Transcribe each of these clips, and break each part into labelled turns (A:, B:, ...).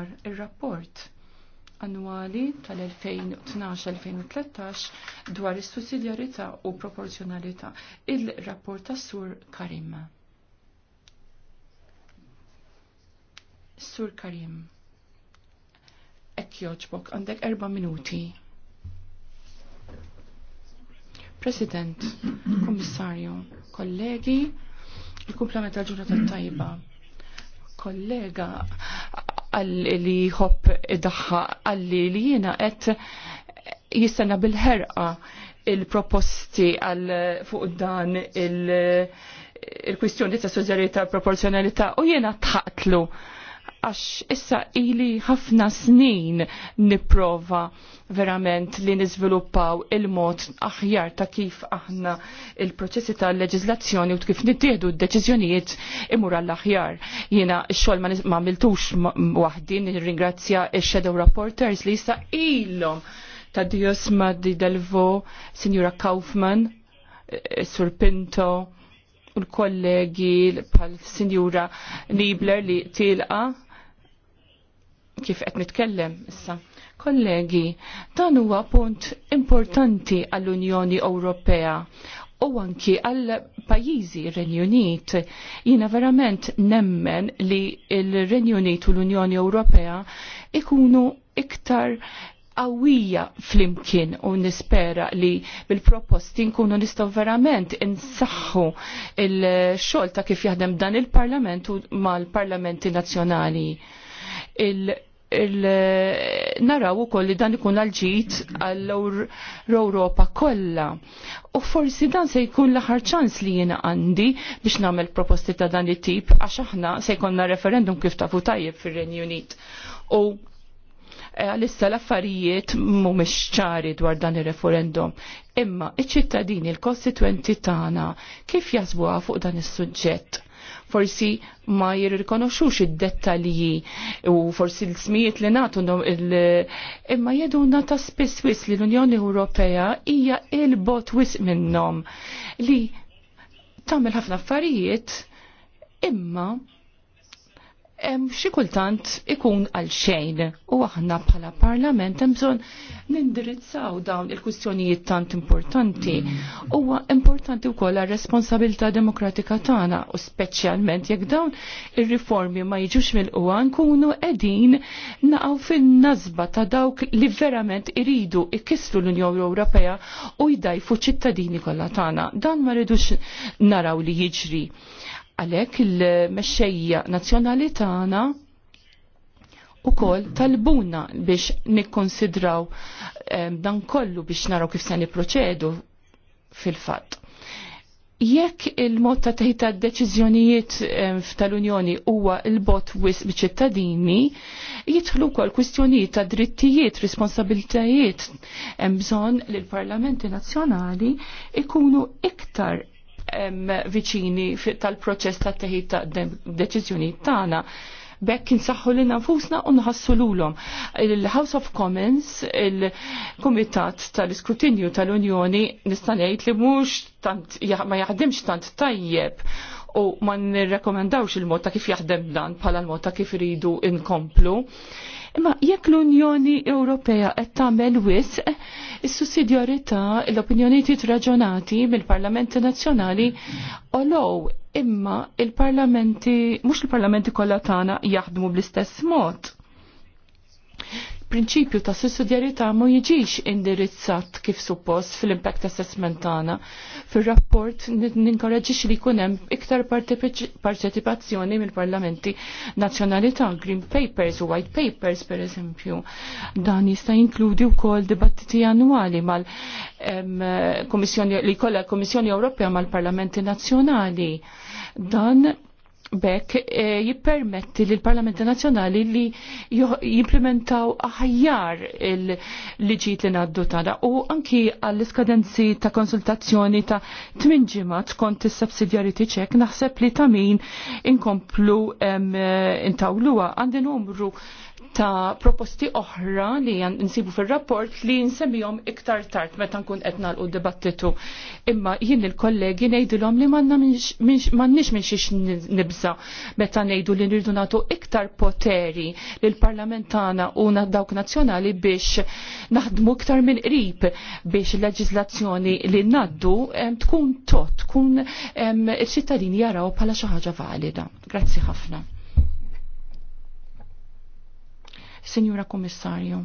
A: dwar ir-rapport annwali tal-2012-2013 dwar is-sussidjarità u proporzjonalità, il-rapport tas Sur Karim. Sur Karim, ek joġbok, għandek erba minuti. President, Komissarju, kollegi, il-kumplament tal-ġurnata tajba kollega għalli jħobb daħħa għalli li jiena għet jistenna bil-ħerqa il-proposti għal fuq dan il- kwistjoni ta' suġġerita proporzjonalità u jiena tħaqtlu għax issa ili ħafna snin niprova verament li nizviluppaw il-mod aħjar ta' kif aħna il-proċessi ta' leġizlazzjoni u kif nittieħdu d-deċiżjonijiet imur għall-aħjar. Jiena x-xogħol ma għamiltux waħdi nirringrazzja il shadow rapporters li issa ilhom ta' Dios Maddi Delvo, Signora Kaufman, eh, Sur Pinto, u l-kollegi pal-Signora Nibler li tilqa' kif qed nitkellem issa. Kollegi, dan huwa punt importanti għall-Unjoni Ewropea u anki għal pajizi Renjunit. Jina verament nemmen li il-Renjunit u l-Unjoni Ewropea ikunu iktar qawwija flimkien u nispera li bil-proposti nkunu nistgħu verament insaħħu il-xogħol ta' kif jaħdem dan il-Parlament u mal-Parlamenti Nazzjonali il naraw ukoll li dan ikun għalġit għall-Europa kollha. U forsi dan se jkun l-aħħar ċans li jena għandi biex nagħmel proposti ta' dan it-tip għax aħna se jkollna referendum kif ta' tajjeb fir-Renju Unit. U e, għalissa l-affarijiet mhumiex ċari dwar dan ir-referendum. Imma iċ-ċittadini l-kostituenti tagħna kif jasbuha fuq dan is-suġġett? forsi ma jirrikonoxux id-dettalji u forsi l-smijiet li natu imma jeduna ta' spiss wis li l-Unjoni Ewropea hija il-bot wis minnhom li tagħmel ħafna affarijiet imma xi kultant ikun għal xejn u aħna bħala parlament hemm bżonn nindirizzaw dawn il-kwistjonijiet tant importanti. Huwa importanti wkoll kolla responsabilità demokratika tagħna u speċjalment jekk dawn ir-riformi ma jiġux mill-qwa nkunu qegħdin naqgħu fin-nażba ta' dawk li verament iridu ikisslu l-Unjoni Ewropea u jdajfu ċittadini kollha tagħna. Dan ma rridux naraw li jiġri għalek il mesċeja nazjonali tana u kol talbuna biex nikkonsidraw ehm, dan kollu biex naraw kif se niproċedu fil-fatt. Jekk il-mod ta' teħita deċiżjonijiet ehm, tal-Unjoni huwa il-bot wis biċ-ċittadini, jidħlu wkoll kwistjonijiet ta' drittijiet, responsabiltajiet bżon bżonn li l-Parlamenti Nazzjonali ikunu iktar viċini tal-proċess ta' teħid ta' deċiżjoni tagħna bekk insaħħu li nafusna u nħassu l-ulom. Il-House of Commons, il-Komitat tal-Iskrutinju tal-Unjoni, ngħid li mux tant, ma jaħdimx tant tajjeb u ma nirrekomendawx il-mod ta' kif jaħdem dan bħala l-mod ta' kif iridu inkomplu. Imma jekk l-Unjoni Ewropea qed tagħmel wisq, is-sussidjarità l-opinjonijiet raġonati mill-Parlamenti Nazzjonali olow imma il-parlamenti mhux il-parlamenti kollha tagħna jaħdmu bl-istess mod il-prinċipju ta' sussidjarjetà ma jiġix indirizzat kif suppost fil-impact assessment tagħna. Fir-rapport ninkoraġġix li jkun hemm iktar parteċipazzjoni mill-parlamenti nazzjonali ta' green papers u white papers pereżempju. Dan jista' jinkludi wkoll dibattiti annwali mal eh, Komissjoni li kollha Komissjoni Ewropea mal-Parlamenti Nazzjonali. Dan bekk e, eh, jippermetti li l-Parlamenti Nazzjonali li jimplementaw aħjar il-liġijiet li ngħaddu tada u anki għall-iskadenzi ta' konsultazzjoni ta' tminġimat ġimgħat kont is-subsidjariti ċek naħseb li ta' min inkomplu eh, intawluwa għandi numru ta' proposti oħra li nsibu fil-rapport li nsemmihom iktar tard meta nkun qed nagħlqu dibattitu. Imma jien il-kollegi ngħidilhom li m'għandniex minn xiex nibża meta ngħidu li nirdu nagħtu iktar poteri lil parlament tagħna u dawk nazzjonali biex naħdmu iktar minn qrib biex il-leġiżlazzjoni li ngħaddu tkun tot, tkun iċ-ċittadini jaraw bħala xi ħaġa valida. Grazzi ħafna. Signora Kommissarju,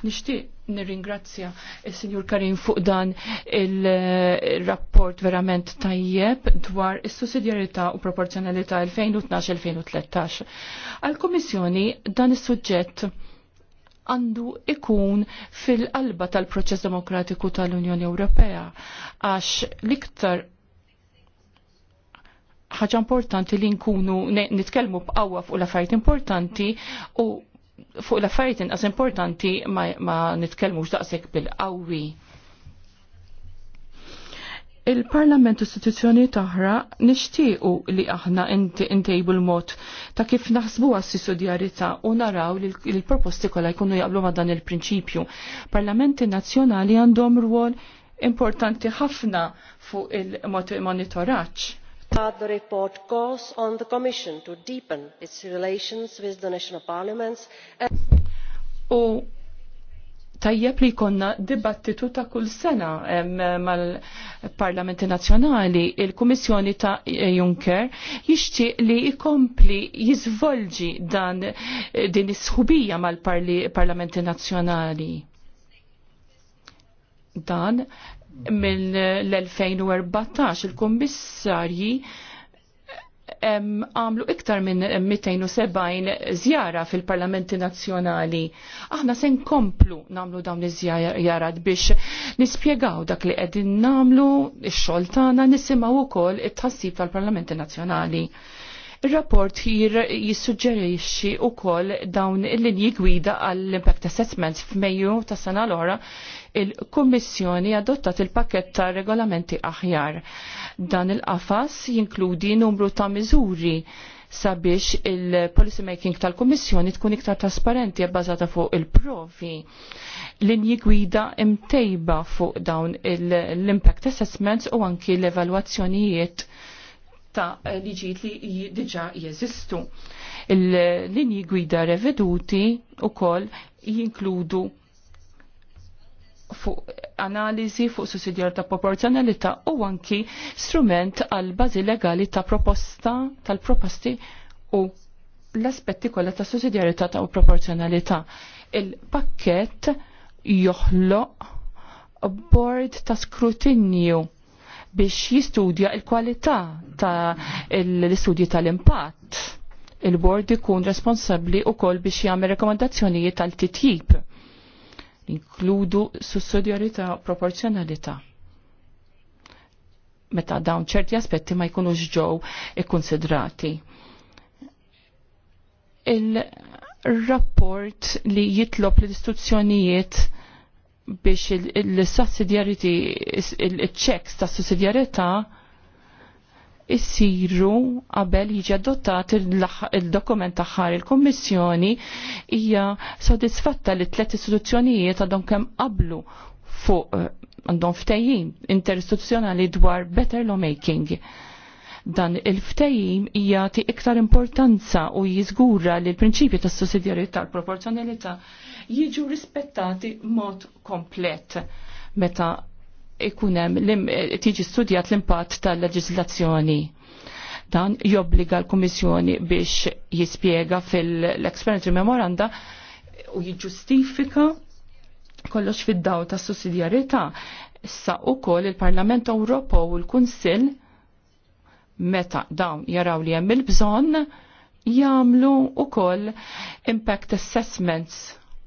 A: Nishtiq nirringrazzja il-Sinjur Karim fuq dan il-rapport verament tajjeb dwar is sussidjarità u proporzjonalità 2012-2013. Għal-Komissjoni dan is suġġett għandu ikun fil-qalba tal-proċess demokratiku tal-Unjoni Ewropea għax liktar ħaġa importanti li nkunu nitkellmu b'qawwa fuq l-affarijiet importanti u fuq l-affarijiet inqas importanti ma, ma nitkellmux daqshekk bil-qawwi. Il-Parlament istituzzjoni taħra nixtiequ li aħna intejbu l-mod ta' kif naħsbu għas sussidjarjetà u naraw li l-proposti kollha jkunu jaqblu ma' dan il-prinċipju. Parlamenti nazzjonali għandhom rwol importanti ħafna fuq il-monitoraġġ
B: the report calls on the commission to deepen its
C: relations with the national parliaments and
A: U tajjeb li jkollna dibattitu ta' kull sena mal-Parlamenti Nazzjonali, il-Kummissjoni ta' Juncker jixtieq li jkompli jiżvolġi dan din is-sħubija mal-Parlamenti Nazzjonali. Dan minn l-2014 il-kommissarji għamlu iktar minn 270 zjara fil-parlamenti nazjonali. Aħna sen komplu namlu dawn iż-żjarat biex nispjegaw dak li qegħdin namlu x-xogħol tagħna nisimgħu wkoll it-tħassib tal-parlamenti nazzjonali. Il-rapport jissuġġerixxi wkoll dawn il-linji gwida għall impact assessments f'Mejju tas-sena l-oħra il-Kummissjoni adottat il-pakket ta' regolamenti aħjar. Dan il-qafas jinkludi numru ta' miżuri sabiex il-policy making tal-Kommissjoni tkun iktar trasparenti bbażata fuq il-provi. Linji gwida imtejba fuq dawn l-impact assessments u anki l-evalwazzjonijiet ta' liġijiet li diġa jeżistu. Il-linji gwida reveduti u kol jinkludu fuq analizi fuq ta' proporzjonalità u anki strument għal bażi legali ta' proposta tal-proposti u l-aspetti kollha ta' sussidjarità ta' u proporzjonalità. Il-pakket joħloq board ta' skrutinju biex jistudja il-kwalità ta' l-istudji tal-impatt. Il-board ikun responsabli u kol biex jagħmel rekomendazzjonijiet tal-titjib inkludu sussodjarita proporzjonalità. Meta dawn ċerti aspetti ma jkunux ġew ikkonsidrati. Il-rapport li jitlob l-istituzzjonijiet biex il-sussidjariti, il-checks ta' sussidjarità issiru qabel jiġi adottat il-dokument aħħar il-Kommissjoni hija sodisfatta li tliet istituzzjonijiet għadhom kemm qablu fuq eh, għandhom ftejjim interistituzzjonali dwar better lawmaking dan il-ftejim hija ti iktar importanza u jiżgura li l-prinċipju tas sussidjarjetà l proporzjonalità jiġu rispettati mod komplet meta ikunem tiġi studjat l-impatt tal-leġislazzjoni. Dan jobbliga l komissjoni biex jispjega fil-Explanatory Memoranda u jiġġustifika kollox fid-daw ta' sussidjarità sa' u koll il-Parlament Ewropo u l-Kunsill meta dawn jaraw li hemm il-bżonn jagħmlu ukoll impact assessments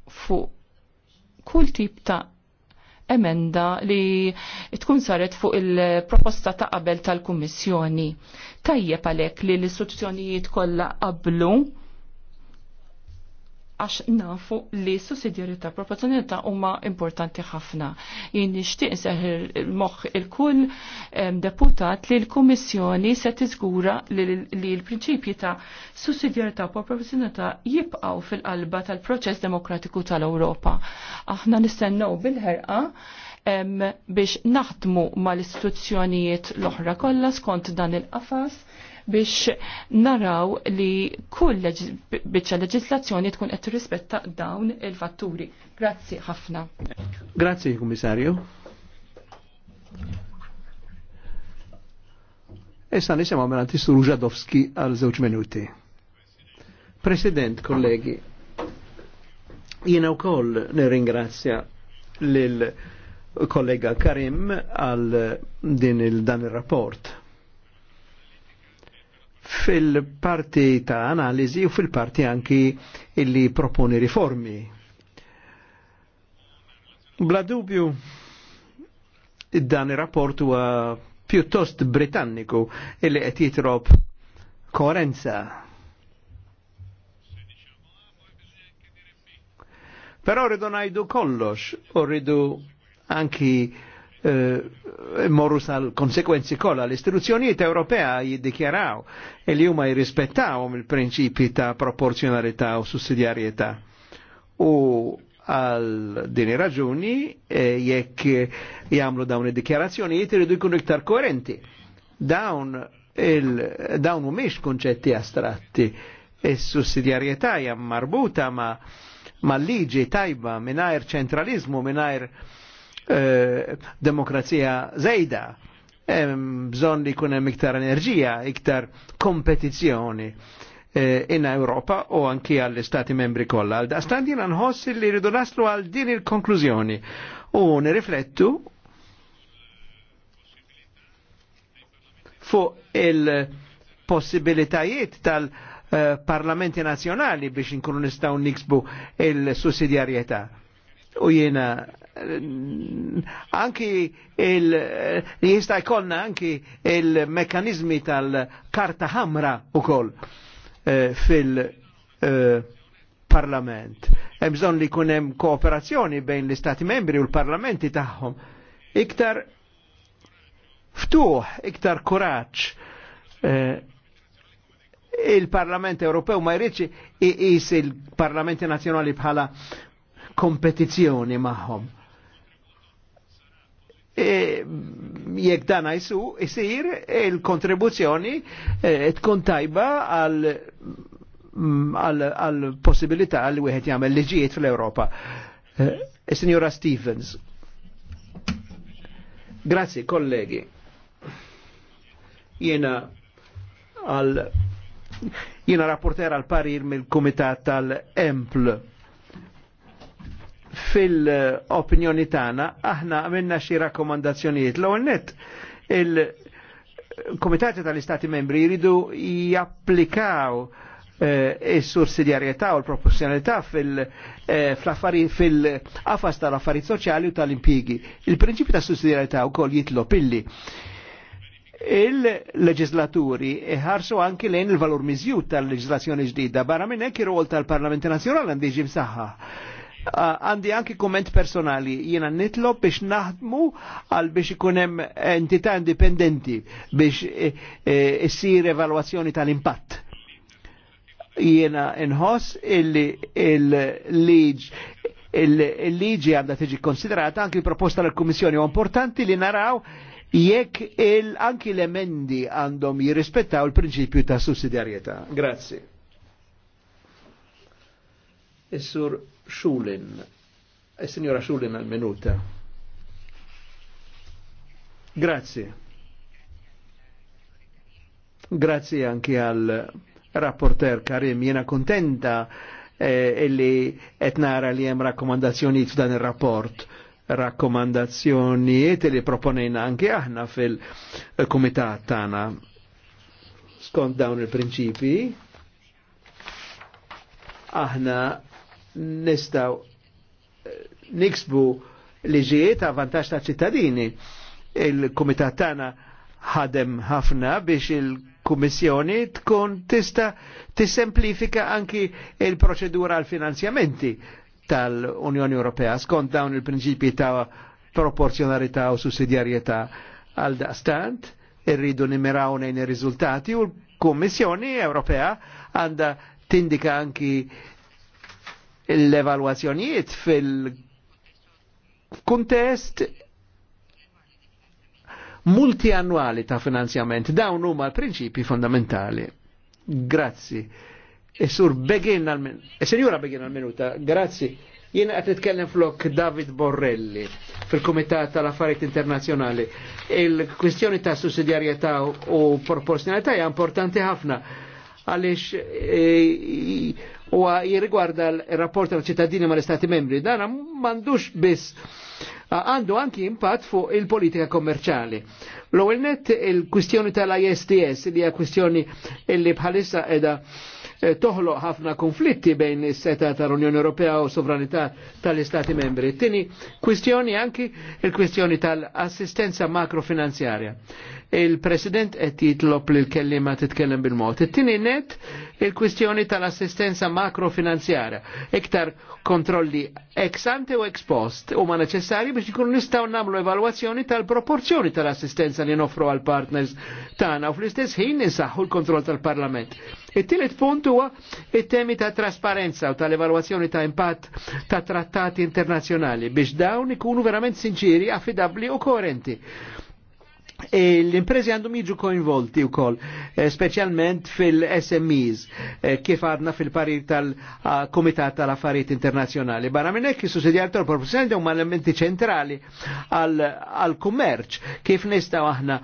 A: fuq kull tip ta' emenda li tkun saret fuq il-proposta ta' qabel tal-Kummissjoni. Tajjeb għalhekk li l-istituzzjonijiet kollha qablu għax nafu li sussidjarita proporzjonalità huma importanti ħafna. Jien nixtieq nseħ il-moħħ il-kull deputat li l-Kummissjoni se tiżgura li l-prinċipji ta' sussidjarita proporzjonalità jibqgħu fil-qalba tal-proċess demokratiku tal-Ewropa. Aħna nistennew bil-ħerqa biex naħdmu mal-istituzzjonijiet l-oħra kollha skont dan il-qafas biex naraw li kull biċċa leġislazzjoni tkun qed tirrispetta dawn il-fatturi. Grazzi ħafna.
D: Grazzi, Kummissarju. Issa nisimaw għamela tistur Ġadowski għal żewġ minuti. President, kollegi, jiena wkoll nirringrazzja lill kollega Karim għal din il-dan il-rapport fil-parti ta' analizi u fil-parti anki illi proponi riformi. Bla dubju, dan il-rapport huwa pjuttost britanniku illi qed jitrob koerenza. Però rridu najdu kollox, u rridu anki Eh, morru sal-konsekwenzi kolla. L-istituzzjonijiet Ewropea jiddikjaraw e li huma jirrispettaw il-prinċipi ta' proporzjonalità u sussidjarjetà. U għal din raġuni e, jekk jagħmlu dawn id-dikjarazzjonijiet iridu jkunu iktar koerenti. Dawn il dawn mhumiex kunċetti astratti. Is-sussidjarjetà hija marbuta ma' ma' liġi tajba mingħajr ċentralizmu, mingħajr Eh, demokrazija zejda bżon li kunem iktar enerġija, iktar kompetizjoni eh, inna Europa u anki għall stati membri kollha. Għal daqstan jina nħoss li rridu naslu għal din il-konklużjoni u nirriflettu fuq il-possibilitajiet tal-parlamenti nazjonali biex nkunu nistaw niksbu il-sussidjarjetà. U jiena Eh, anki il eh, jista jkollna anki il mekanizmi tal-karta ħamra koll eh, fil-parlament. Hemm bżonn li jkun hemm kooperazzjoni bejn l-istati membri u l-parlamenti tagħhom. Iktar ftuħ, iktar kuraġġ. Il-Parlament Ewropew ma jridx iqis il-Parlamenti Nazzjonali bħala kompetizzjoni magħhom E, jekk dan għajsu, jisir il-kontribuzzjoni e, tkun tajba mm, għal għal possibilità li wieħed jagħmel liġijiet fl-Ewropa. E, signora Stevens. Grazzi, kollegi. Jena għal jena rapporter għal parir mill-Kumitat tal-Empl fil-opinjoni tagħna aħna għamilna xi rakkomandazzjonijiet. L-ewwel nett il-Kumitati tal-Istati Membri jridu japplikaw eh, is-sussidjarjetà u l-proporzjonalità eh, fil-qafas tal-affarijiet soċjali u tal-impjigi. Il-prinċipju ta' sussidjarjetà wkoll jitlob illi il-leġislaturi iħarsu anki lejn il-valur miżjut tal-leġislazzjoni ġdida barra minn hekk ir-rol tal-Parlamenti Nazzjonali għandi ġim saħħa Ah, għandi anki komment personali, jiena nitlob biex naħdmu għal biex ikunem entità indipendenti biex eh, eh, issir e, e, evalwazzjoni tal-impatt. Jiena nħoss illi il-liġ il-liġi għanda tiġi konsiderata anki proposta l-Kommissjoni u importanti li naraw jekk il anki l-emendi għandhom jirrispettaw il-prinċipju ta' sussidjarieta. Grazie. Is-sur Xulin. E signora Xulin al minuta. Grazie. Grazie anche al rapporter Karim. Jena kontenta eh, li etnara li jem rakkomandazzjoniet dan il-rapport rakkomandazzjonijiet li proponejna anke aħna fil-komitat tana. skont dawn il-prinċipi aħna nistaw eh, niksbu li ġijiet vantaġġ ta' ċittadini. Il-Kumitat tagħna ħadem ħafna biex il-Kummissjoni tkun tista' tissemplifika anki il-proċedura għal finanzjamenti tal-Unjoni Ewropea skont dawn il-prinċipji ta' proporzjonalità u sussidjarjetà għal daqstant irridu nimiraw nejn ir-riżultati u l-Kummissjoni Ewropea għandha tindika anki l-evalwazzjonijiet fil-kuntest multiannuali ta' finanzjament. Dawn huma l-prinċipi fondamentali. Grazzi. Is-sur e Begin għal-minuta. E Begin għal-minuta. Grazzi. Jien għat nitkellem flok David Borrelli fil-Kumitat tal-Affarijiet Internazzjonali. Il-kwistjoni ta' sussidjarjetà u proporzjonalità hija importanti ħafna għaliex e, u jirrigwarda l-rapport tal-ċittadini mal-Istati membri. Dan mandux biss għandu anki impatt fuq il-politika kommerċali. L-ewwel net il-kwistjoni tal-ISTS li hija kwistjoni li bħalissa edha eh, toħloq ħafna konflitti bejn is-seta tal-Unjoni Ewropea u sovranità tal-Istati membri. Tini kwistjoni anki il-kwistjoni tal-assistenza makrofinanzjarja. Il-President qed jitlob li l-kellima titkellem bil-mod. Tini net il-kwistjoni tal-assistenza makrofinanzjara. Iktar kontrolli ex ante u ex post u ma neċessari biex ikun nistgħu nagħmlu evalwazzjoni tal-proporzjoni tal-assistenza li nofru għal partners tagħna u fl-istess ħin ninsaħħu l-kontroll tal-Parlament. It-tielet punt huwa it-temi ta' trasparenza u tal-evalwazzjoni ta' impatt ta' trattati internazzjonali biex dawn ikunu verament sinċiri, affidabbli u koerenti. E l-imprezi għandhom jiġu coinvolti u koll, e, specialment fil-SMEs, e, kif għadna fil-parir tal-Komitat tal-Affarijiet Internazjonali. Barra minn hekk is-sussidjar tal-professjoni huma elementi ċentrali għal-kummerċ, kif nistgħu aħna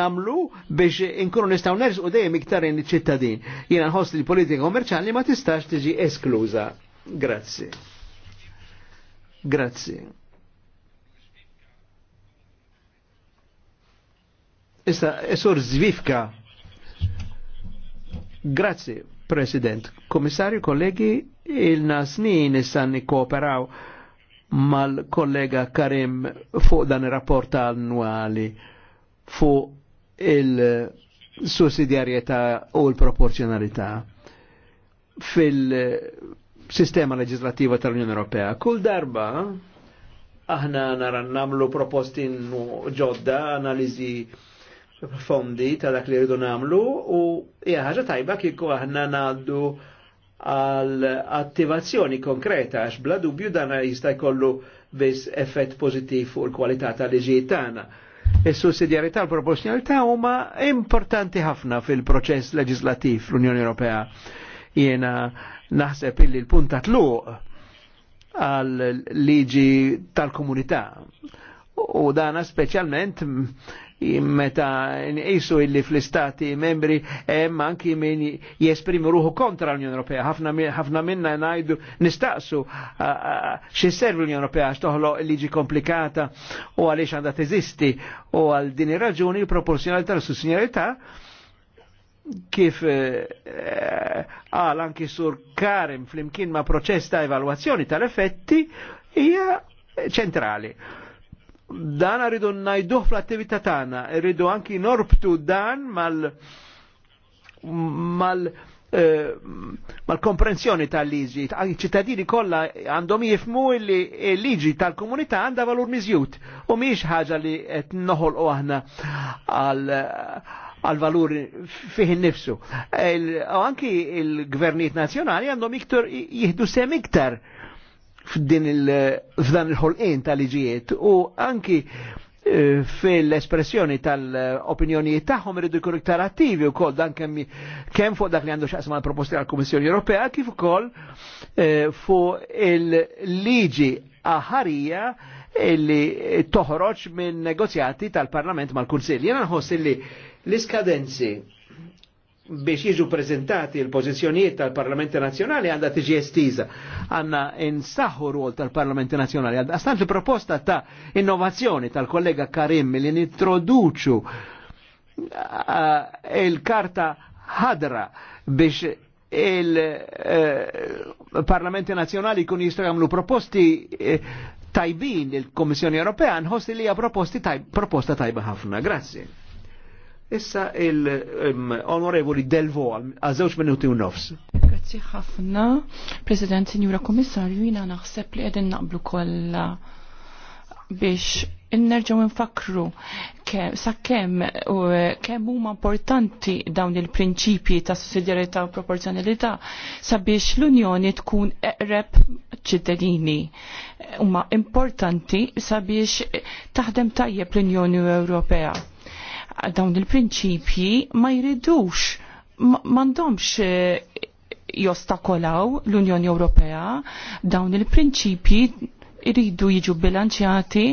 D: namlu biex inkunu nistgħu nerżqu dejjem iktar in ċittadin Jiena nħoss li politika kommerċjali ma tistax tiġi eskluża. Grazzi. Grazzi. Issa, Sur Zvifka. Grazie, President. Komissarju, kollegi, il-na snin issa e nikkooperaw mal-kollega Karim fuq dan il-rapport annuali fuq il-sussidjarjetà u l-proporzjonalità fil-sistema leġislativa tal-Unjoni Ewropea. Kull darba aħna narannamlu proposti ġodda, analizi fondi ta' dak li rridu namlu u hija ħaġa tajba kieku aħna ngħaddu għal attivazzjoni konkreta għax bla dubju dan jista' jkollu biss effett pożittiv fuq il-kwalità tal-liġijiet tagħna. Is-sussidjarità e l proporzjonalità huma importanti ħafna fil-proċess leġislattiv l-Unjoni Ewropea. Jiena naħseb illi l-punta tluq għal liġi tal-komunità u dana specialment meta jisu illi fl-istati membri hemm anki min jesprimi ruħu kontra l unjon Ewropea. Ħafna minna najdu nistaqsu xi l unjon Ewropea għax toħloq liġi komplikata u għaliex għandha teżisti u għal din ir-raġuni l-proporzjonalità sussinjarità kif e, e, għal anki sur Karim flimkien ma' proċess ta' evalwazzjoni tal-effetti hija ċentrali dan rridu najduh fl-attività tagħna, rridu anki norbtu dan mal mal eh, mal-komprensjoni tal-liġi. ċittadini kollha għandhom jifmu li l-liġi tal-komunità għandha valur miżjut u mhijiex ħaġa li qed noħolqu aħna għal għal valuri fih nifsu. Anki il-gvernijiet nazjonali għandhom iktar jihdu sem iktar f'din il-f'dan il-ħolqien tal-liġijiet u anki eh, fil-espressjoni tal-opinjonijiet tagħhom iridu jkunu iktar attivi wkoll dan kemm kemm fuq dak li għandu x'aqsma l-proposti għall-Kummissjoni Ewropea kif ukoll eh, fuq il-liġi aħarija illi toħroġ minn negozjati tal-Parlament mal-Kunsill. Jiena nħoss illi l-iskadenzi biex jiġu prezentati l-pozizjonijiet tal-Parlamenti Nazjonali għandha tiġi estiża. Għandna insaħħu rwol tal-Parlamenti Nazjonali. Għastant il-proposta ta' innovazzjoni tal-kollega Karim li nintroduċu eh, il-karta ħadra biex il-Parlamenti eh, Nazjonali kun jistaw jagħmlu proposti eh, tajbin il-Kommissjoni Ewropea nħossi li hija proposta tajba ħafna. Grazie. Issa il-onorevoli Delvo għazewx minuti u nofs.
A: Grazzi ħafna, President, Signora Komissarju, jina naħseb li għedin naqblu kolla biex innerġaw infakru sa' kem u kem huma importanti dawn il-prinċipji ta' sussidjarità u proporzjonalità sabiex l-Unjoni tkun eqreb ċittadini. Huma importanti sabiex taħdem tajjeb l-Unjoni Ewropea dawn il-prinċipji ma jridux mandomx eh, jostakolaw l-Unjoni Ewropea dawn il-prinċipji jridu jiġu bilanċjati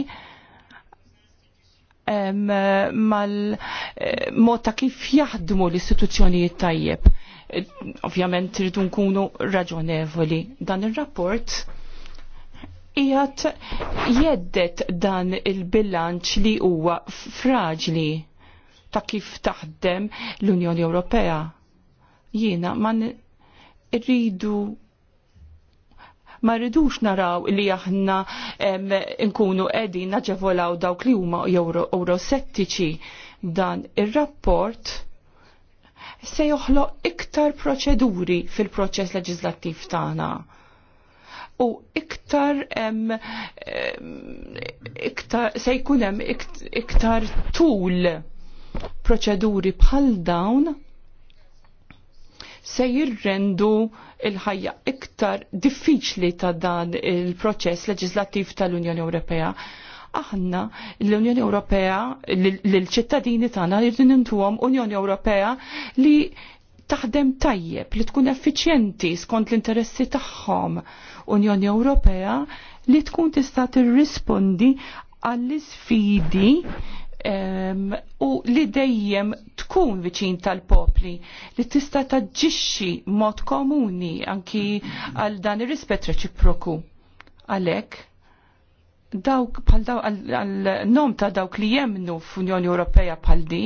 A: mal-mod eh, ta' kif jaħdmu l-istituzzjonijiet tajjeb. Eh, ovvjament rridu nkunu raġonevoli. Dan ir-rapport qiegħed jeddet dan il-bilanċ li huwa fraġli ta' kif taħdem l-Unjoni Ewropea. Jiena ma rridu ma rridux naraw li aħna nkunu qegħdin naġevolaw dawk li huma eurosettiċi dan ir-rapport se joħloq iktar proċeduri fil-proċess leġislattiv tagħna u iktar em, iktar se jkun hemm iktar tul proċeduri bħal dawn se jirrendu il-ħajja iktar diffiċli ta' dan il-proċess leġislattiv tal-Unjoni Ewropea. Aħna l-Unjoni Ewropea, l-ċittadini tagħna jridu nintuhom Unjoni Ewropea li taħdem tajjeb, li tkun effiċjenti skont l-interessi tagħhom. Unjoni Ewropea li tkun tista' tirrispondi għall-isfidi um, u li dejjem tkun viċin tal-popli li tista' taġġixxi mod komuni anki għal dan ir-rispett reċiproku. Għalhekk dawk bħal daw għal-nom ta' dawk li jemnu f'Unjoni Ewropea bħal di,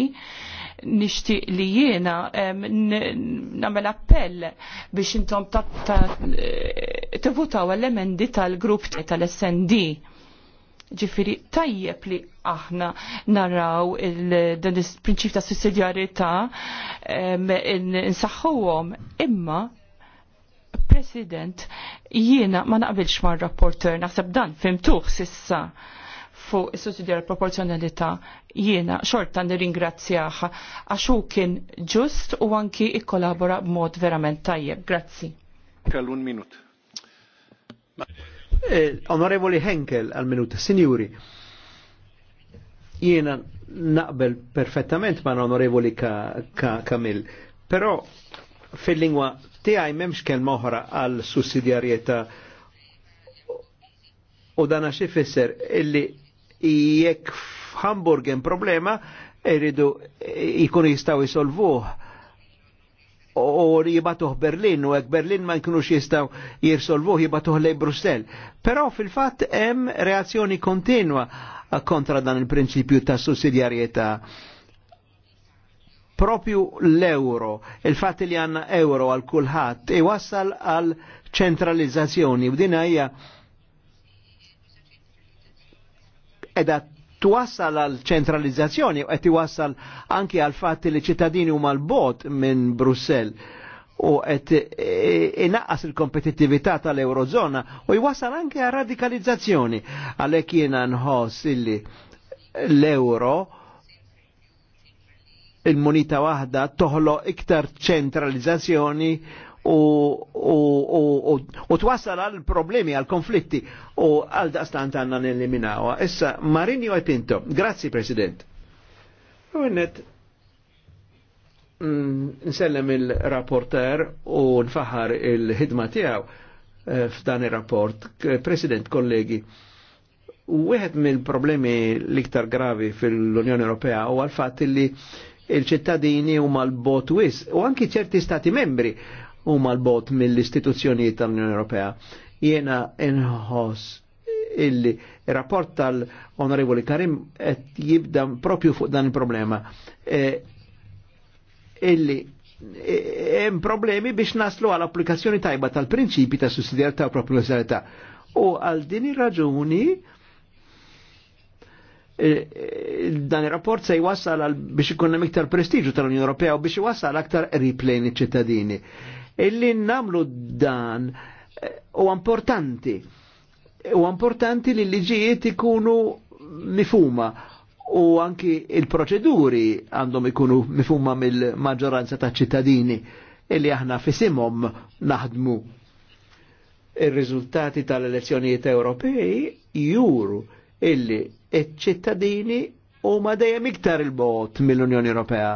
A: nixtieq li jiena nagħmel appell biex intom eh, tivutaw l-emendi tal-grupp tal-SND. tal grupp tal snd Ġifiri tajjeb li aħna naraw il-dan il-prinċip ta' sussidjarita nsaħħuhom imma President, jiena ma naqbilx ma' rapporter, naħseb dan fimtuħ sissa fuq is-sussidjar proporzjonalità jiena xorta nirringrazzjah għax hu kien ġust u anki ikkolabora b'mod verament tajjeb. Grazzi.
D: Kallun minut. Eh, onorevoli Henkel, għal-minuta, Signori, jiena naqbel perfettament ma' l-Onorevoli Kamil, però fil-lingwa tiegħi memx kell moħra għal sussidjarjetà u dana xi fisser illi jekk f'Hamburg hemm problema iridu jkunu jistgħu jisolvuh u jibatuh Berlin u għek Berlin ma jkunux jistaw jirsolvuh jibatuh lej Brussel. Però fil-fat hem reazzjoni kontinua kontra dan il-prinċipju ta' sussidjarieta. Propju l-euro, il-fat li għanna euro għal kulħadd iwassal e għal ċentralizzazzjoni u din hija edha twassal għal ċentralizzazzjoni u qed iwassal anki għal fatt li ċittadini huma l-bot minn Brussell u qed inaqqas il-kompetittività tal-Eurozona u jwassal anki għal radikalizzazzjoni għalhekk jiena nħoss illi l-euro il-munita waħda toħlo iktar ċentralizzazzjoni u twassal għal problemi, għal konflitti u għal daqstant għanna n-eliminawa. Issa, Marinio e Pinto, grazzi President. U għennet, mm, nsellem il-rapporter u nfaħar il-ħidma tijaw eh, f'dan il-rapport. President, kollegi, u għed mill-problemi liktar gravi fil-Unjoni Ewropea u għal-fat li il-ċittadini u mal-bot wis u anki ċerti stati membri huma l-bot mill-istituzzjonijiet tal-Unjoni Ewropea. Jiena inħoss illi rapport tal-Onorevoli Karim qed jibda propju fuq dan il-problema. E, illi e, hemm problemi biex naslu għal applikazzjoni tajba tal-prinċipi ta' sussidjarjetà u proporzjonalità. U għal din ir-raġuni e, dan il-rapport se jwassal biex ikun hemm iktar prestiġu tal-Unjoni Ewropea u biex jwassal aktar riplejn iċ-ċittadini. Illi namlu dan eh, u importanti. U importanti li liġijiet ikunu mifuma u anki il-proċeduri għandhom ikunu mifuma mill-maġġoranza ta' ċittadini illi aħna fisimhom naħdmu. Ir-riżultati tal-elezzjonijiet Ewropej juru illi iċ-ċittadini huma dejjem iktar il-bot mill-Unjoni Ewropea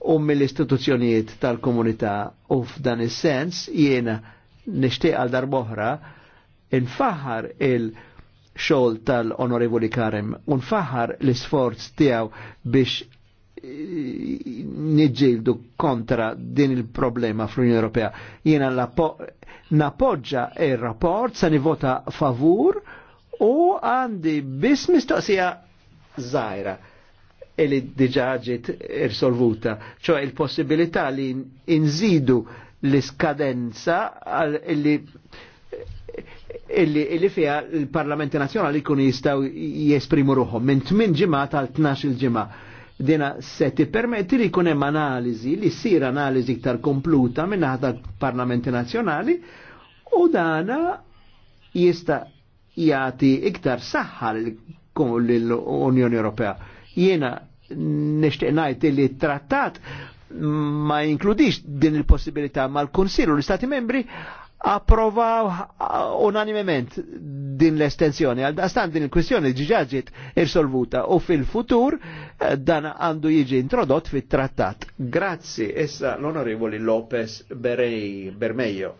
D: u mill-istituzzjonijiet tal-komunità u f'dan is-sens jiena nixtieq għal darboħra infaħar il- xogħol tal-Onorevoli Karem u nfaħar l-isforz tiegħu biex eh, niġġieldu kontra din il-problema fl-Unjoni Ewropea. Jiena napoġġa il rapport sa nivota favur u għandi biss mistoqsija żgħira li diġaġit irsolvuta, ċoħ il-possibilità li inżidu l-iskadenza li illi, illi fija il-Parlamenti Nazjonali kun jistaw jesprimu ruħom minn 8 ġimgħa tal 12 ġimgħa. Dina se permetti li jkun hemm analiżi li sir analiżi iktar kompluta minn tal-Parlamenti Nazzjonali u dana jista jagħti iktar saħħa l-Unjoni Ewropea Jiena nishtiqnajt ngħid li trattat ma jinkludix din il-possibilità ma l-Kunsill u l-Istati membri approvaw unanimement din l-estensjoni. Għal-dastan din il-kwestjoni ġiġaġiet irsolvuta u fil-futur eh, dan għandu jiġi introdott fit-trattat. Grazzi, essa l-onorevoli Lopez Berej Bermejo.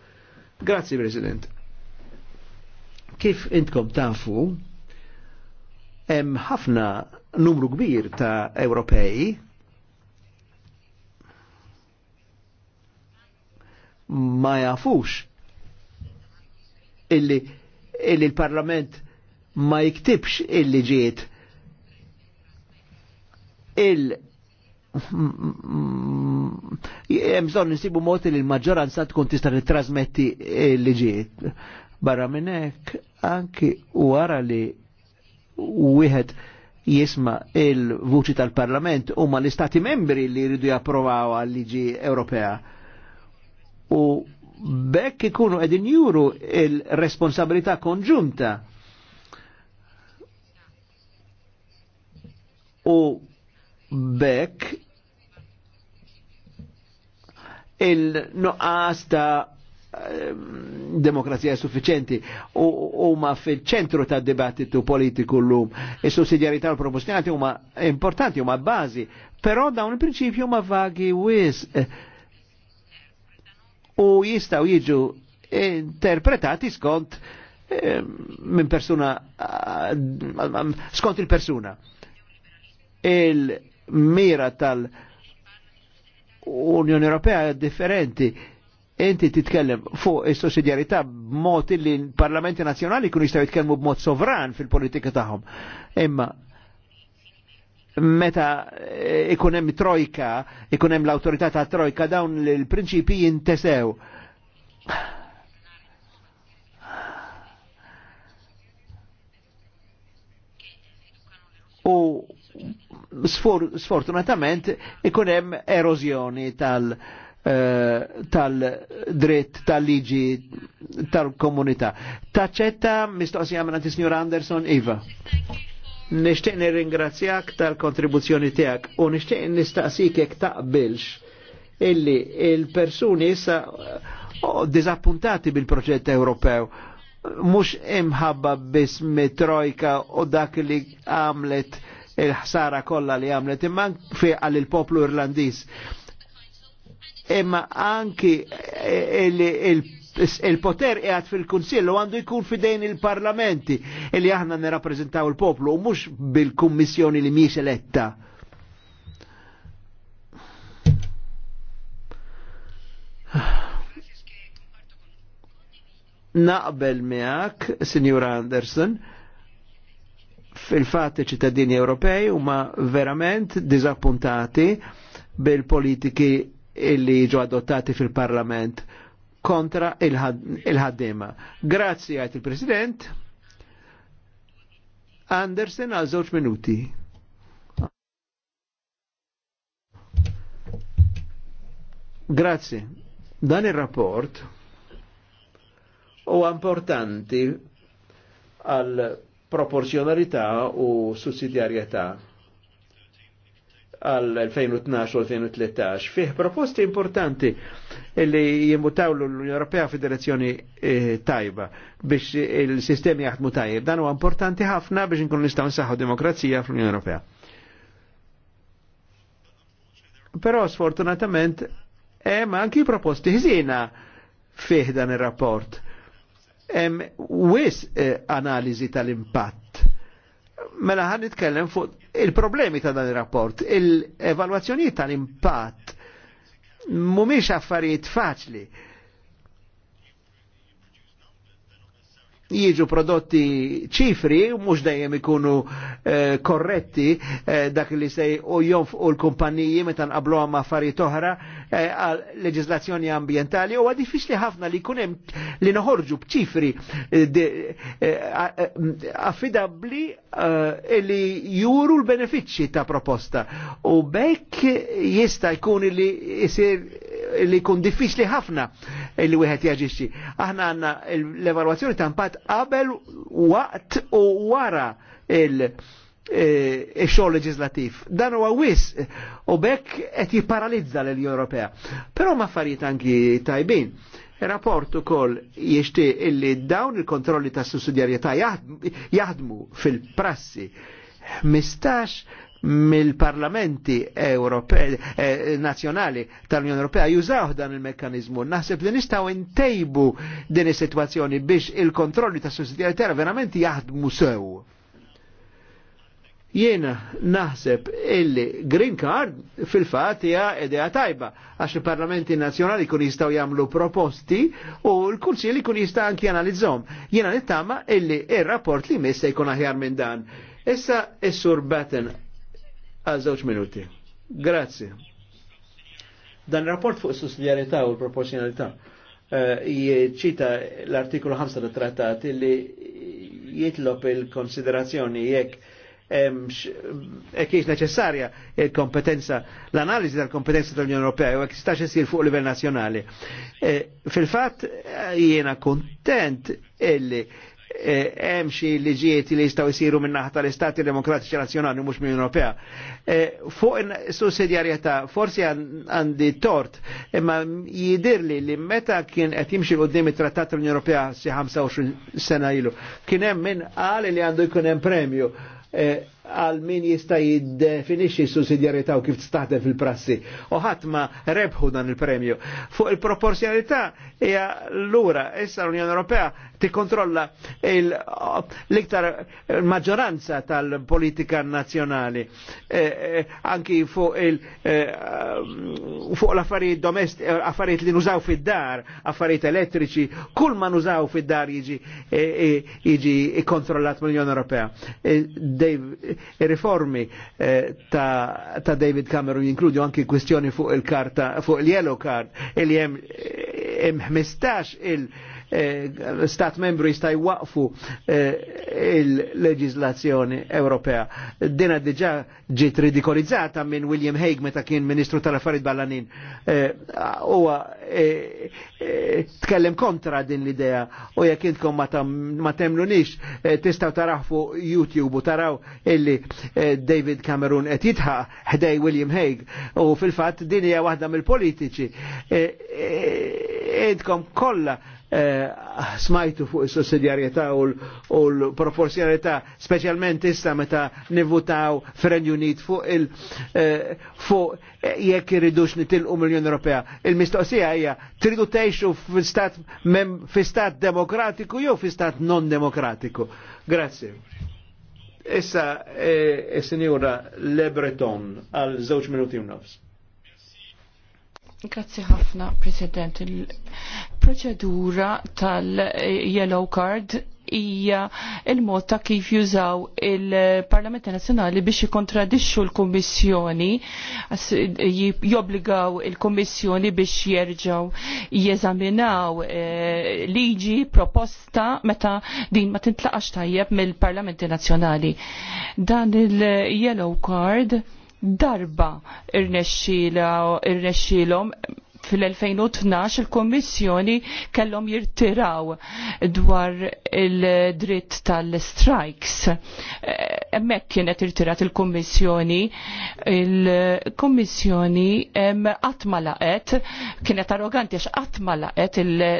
D: Grazzi, President. Kif intkom tafu, hemm ħafna numru kbir ta' Ewropej ma jafux illi illi l-Parlament ma jiktibx illi ġiet il hemm bżonn insibu mod li l-maġġoranza tkun tista' nittrasmetti illi ġiet. Barra minn hekk anki wara li wieħed jisma il-vuċi tal-Parlament u ma l-Istati membri li jridu japprovaw għal-liġi Ewropea. U bekk ikunu edin juru il-responsabilità konġunta u bekk il-nuqqas ta' Ehm, demokrazija suffiċenti u ma fil-ċentru ta' dibattitu politiku l-lum. is e sussidjarità e u proporzjonati huma importanti, huma bazi, però dawn il-prinċipju huma vagi wis eh, u jistaw jiġu interpretati skont ehm, minn persuna eh, skont il-persuna. Il-mira tal-Unjoni Europea differenti inti titkellem fuq is-sussidjarità b'mod illi l-parlamenti nazzjonali kienu jistgħu jitkellmu b'mod sovran fil-politika tagħhom. Imma meta eh, ikun hemm trojka, ikun hemm l-awtorità ta' trojka dawn il-prinċipji jintesew. U sfortunatament ikun hemm erożjoni tal- Eh, tal-dritt tal-liġi tal-komunità. Taċċetta mistoqsija minn signor Anderson Iva. Nishtiq nirringrazzjak tal-kontribuzzjoni tiegħek u nixtieq nistaqsik jekk taqbilx illi il-persuni issa eh, diżappuntati bil-proġett Ewropew mhux imħabba biss mitrojka u dak li għamlet il-ħsara kollha li għamlet imma fi il poplu Irlandiż imma anki eh, il-poter e għad fil-Kunsill u għandu jkun fidejn il-parlamenti il li aħna nirrappreżentaw il-poplu u mux bil-kummissjoni li miex eletta. Naqbel miak, Sinjura Anderson, fil-fatt ċittadini Ewropej ma verament diżappuntati bil-politiki illi jiġu adottati fil-Parlament kontra il-ħaddima. Grazzi għajt il-President. Andersen għal żewġ minuti. Grazzi. Dan il-rapport u importanti għal proporzjonalità u sussidjarjetà għal 2012-2013 fih proposti importanti li jimmutawlu l-Unjoni Ewropea federazzjoni eh, tajba biex il-sistemi jaħdmu tajjeb. Dan huwa importanti ħafna biex nkun nistgħu nsaħħu demokrazija fl-Unjoni Ewropea. Però sfortunatament hemm anki proposti ħsiena fih dan ir-rapport. Hemm wis eh, analiżi tal-impatt Mela ħan nitkellem fuq il-problemi ta' dan il-rapport. Il-evalwazzjonijiet tal-impatt mumiex affarijiet faċli jiġu prodotti ċifri, mux dejjem ikunu eh, korretti eh, dak li sej u jonf u l-kumpaniji meta nqablu għam affarijiet oħra eh, għal eh, leġislazzjoni ambientali u diffiċli ħafna li kunem li noħorġu bċifri eh, eh, affidabli li juru l-benefiċċji ta' proposta u bekk jista' jkun li jisir li jkun diffiċli ħafna li wieħed jaġixxi. Aħna għandna l-evalwazzjoni ta' impatt qabel waqt u wara il- e, xogħol leġislattiv. Dan huwa wis u bekk qed jipparalizza l Ewropea. Però ma affarijiet anki tajbin. Il-rapport ukoll jixtieq illi dawn il-kontrolli tas sussidjarjetà jaħdmu fil-prassi 15 mill-parlamenti Ewropej eh, nazzjonali tal-Unjoni Ewropea jużaw dan il-mekkanizmu. Naħseb li nistgħu ntejbu din is-sitwazzjoni biex il-kontrolli tas sussidjarjetà verament jaħdmu sew. Jiena naħseb illi Green Card fil-fatt hija idea tajba għax il-parlamenti nazzjonali kun jistgħu jagħmlu proposti u l kunsill kun jista' anki analizzhom. Jiena nittama illi ir-rapport li missa jkun aħjar minn dan. Issa is-sur Batten għal żewġ minuti. Grazzi. Dan rapport fuq sussidjarità u l-proporzjonalità eh, jieċita l artiklu 5 tat trattat li jitlob il-konsiderazzjoni jekk hekk neċessarja il-kompetenza l-analiżi tal-kompetenza tal-Unjoni Ewropea u hekk tistax isir fuq livell nazzjonali. Eh, fil-fatt jiena kuntent illi E, hemm xi liġijiet li jistgħu jsiru minn naħa tal-Istati Demokratiċi Nazzjonali mhux minn Ewropea. E, fuq sussidjarjetà forsi għandi tort, imma jidirli li meta kien qed jimxi qudiem it-Trattat l unjoni Ewropea si 25 sena ilu, kien hemm min qal li għandu jkun hemm premju. E, għal min jista jiddefinixxi sussidjarità u kif tistaħdem fil-prassi. U ħatma rebħu dan il-premju. Fuq il-proporzjonalità hija lura issa l-Unjoni Ewropea tikkontrolla l-iktar maġġoranza tal-politika nazjonali. E, e, anki fuq il e, um, fuq l-affarijiet domesti, affarijiet li nużaw fid-dar, affarijiet elettriċi, kull ma nużaw fid-dar jiġi jiġi kontrollat mill-Unjoni Ewropea il-riformi eh, ta', ta David Cameron jinkludju anki kwistjoni fuq il-karta, fuq il-yellow card, il-jem 15 eh, il-, -jem, il Eh, stat membru jista' jwaqfu eh, il-leġislazzjoni Ewropea. Dina diġà ġiet ridikolizzata minn William Hague meta kien Ministru tal-Affarijiet Ballanin. Eh, huwa tkellem kontra din l-idea u jekk intkom ma temlunix tistgħu taraw fuq YouTube u taraw illi David Cameron qed jitħaq ħdej William Hague u fil-fatt din hija waħda mill-politiċi. Intkom kollha Eh, smajtu fuq il-sussidjarieta u l-proporzjonalità, specialment issa meta nivvutaw fir-Renju Unit fuq il eh, fuq jekk iridux nitilqu mill-Unjoni Ewropea. Il-mistoqsija hija tridu teħxu fi-stat fi-stat demokratiku jew fi-stat non demokratiku. Grazie. Issa eh, is-sinjura Lebreton għal żewġ minuti u nofs.
A: Grazzi ħafna, President. Il-proċedura tal-Yellow Card hija il-mod ta' kif jużaw il-Parlamenti Nazzjonali biex jikontradixxu l-Kummissjoni, jobbligaw il-Kummissjoni biex jerġgħu jeżaminaw eh, liġi proposta meta din ma tintlaqax tajjeb mill-Parlamenti Nazzjonali. Dan il-Yellow Card darba irnexxilhom fil-2012 il-Kommissjoni kellhom jirtiraw dwar il-dritt tal-strikes. Eh, hemmhekk kienet irtirat il-Kommissjoni. Il-Kommissjoni qatt ma laqet, kienet arroganti għax qatt ma laqet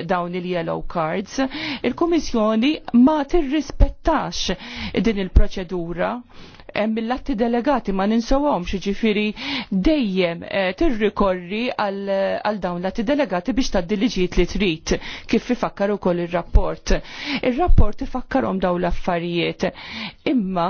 A: dawn il-yellow cards. Il-Kommissjoni ma tirrispettax din il-proċedura mill-atti delegati ma ninsawhom xiġifieri dejjem eh, tirrikorri għal dawn l-atti delegati biex taddi liġijiet li trid kif ifakkar ukoll ir-rapport. Ir-rapport ifakkarhom dawn l-affarijiet. Imma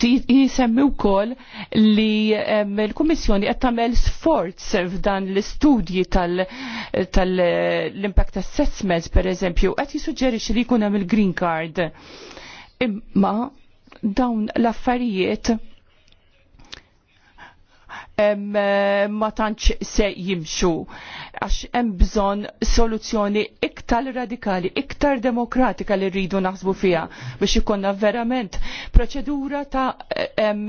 A: jisemmi wkoll li l-Kummissjoni qed tagħmel sforz f'dan l-istudji tal-impact tal assessments pereżempju qed jisuġġerixxi li jkun hemm il-green card. Imma dawn l-affarijiet ma tantx se jimxu għax hemm bżonn soluzzjoni iktar radikali, iktar demokratika li rridu naħsbu fiha biex ikonna verament proċedura ta' em,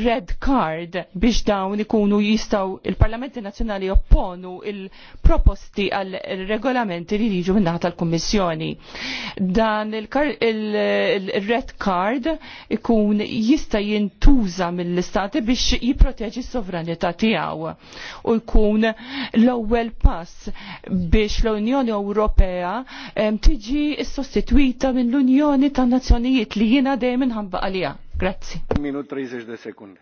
A: red card biex dawn ikunu jistaw il-Parlamenti Nazzjonali opponu il-proposti għal regolamenti li jiġu minnaħa tal-Kommissjoni. Dan il-red card ikun jista jintuża mill-istati biex jiproteġi s-sovranità tiegħu u jkun l l-ewwel pass biex l-Unjoni Ewropea tiġi sostitwita minn l-Unjoni ta' Nazzjonijiet li jiena dejjem inħabba għalija. Grazzi. Minut 30 sekundi.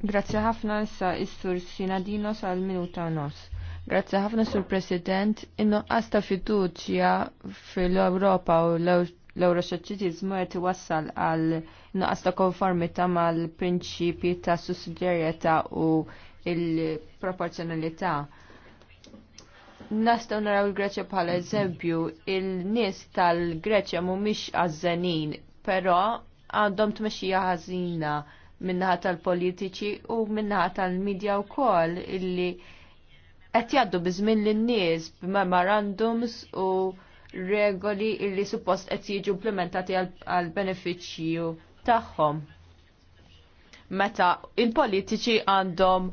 A: Grazzi ħafna
B: issa is-sur Sinadinos għal minuta nos. nofs. Grazzi ħafna sur President, innuqqas ta' fiduċja fil-Ewropa u l-Euroxaċitizmu għet wassal għal innuqqas ta' konformità mal-prinċipji ta' sussidjarjetà u il-proporzjonalità. Nastaw naraw il-Greċja bħala eżempju, il-nies tal-Greċja mhumiex għazzanin, però għandhom tmexxija ħażina minnaħa tal-politiċi u minnaħa tal-medja wkoll illi qed jgħaddu biżmin lin-nies b'memorandums u regoli illi suppost qed jiġu implementati għal benefiċċju tagħhom. Meta il-politiċi għandhom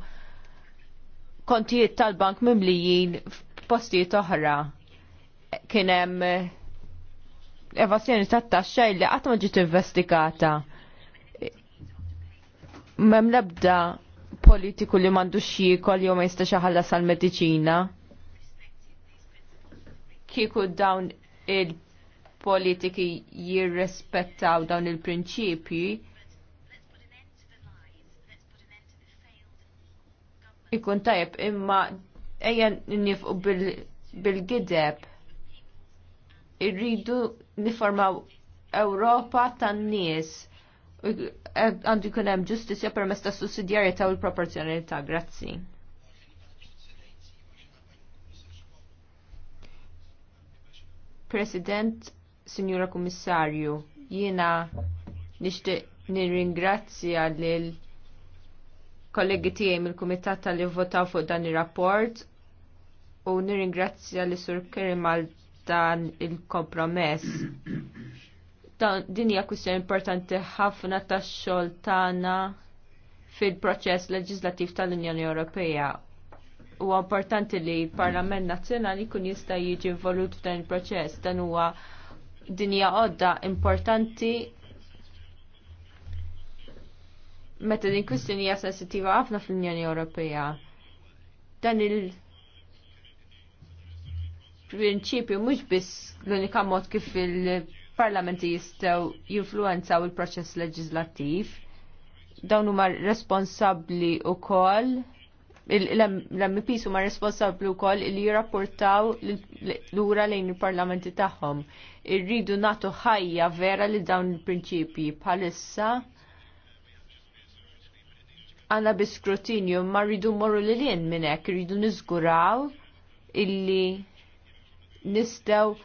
B: kontijiet tal-bank mimlijin f'postijiet oħra. Kien hemm eh, evasjoni tat-taxxa li qatt ma ġiet investigata. Mem lebda politiku li m'għandux jiekol jew ma jistax iħallas sal mediċina Kieku dawn il-politiki jirrespettaw dawn il-prinċipji, ikun tajb imma ejja nifqu bil-gideb irridu niformaw Ewropa tan-nies għandu jkun hemm ġustizzja permezz ta' sussidjarjetà u l-proporzjonalità. Grazzi. President, Sinjura Kummissarju, jiena nixtieq nirringrazzja lil kollegi tiegħi mill-kumitat tal votaw fuq dan ir-rapport u nirringrazzja li sur Kerim għal dan il-kompromess. Din hija kwistjoni importanti ħafna tax-xogħol tagħna fil-proċess leġislattiv tal-Unjoni Ewropea. Huwa importanti li l-Parlament Nazzjonali jkun jista' jiġi involut f'dan il-proċess dan huwa dinja għodda importanti meta din kwistjoni hija sensittiva ħafna fl-Unjoni Ewropea. Dan il prinċipju mhux biss l-unika mod kif il-parlamenti jistgħu jinfluenzaw il-proċess leġislattiv. Dawn huma responsabbli wkoll l-MPs huma responsabbli wkoll li jirrapportaw lura lejn il-parlamenti tagħhom. Irridu nagħtu ħajja vera li dawn il-prinċipji bħalissa għanna biskrutinju ma rridu morru li lien minnek, rridu nizguraw illi nistaw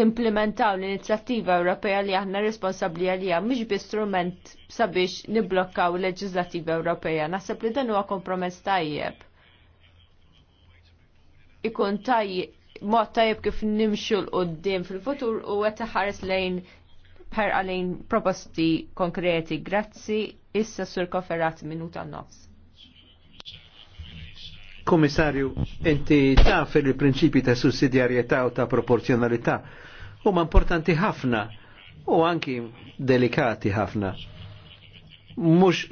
B: nimplementaw l-inizjattiva Ewropea li aħna responsabli għalija mhix bi strument sabiex niblokkaw l leġizlativa Ewropea. Naħseb li dan huwa kompromess tajjeb. Ikun tajjeb mod tajjeb kif nimxu l-qoddim fil-futur u qed ħares lejn per għalin proposti konkreti. Grazzi Issa sur koferat minuta nofs.
D: Komissarju, inti taf il-prinċipi ta' sussidjarjetà u ta' proporzjonalità ma' importanti ħafna u anki delikati ħafna. Mux,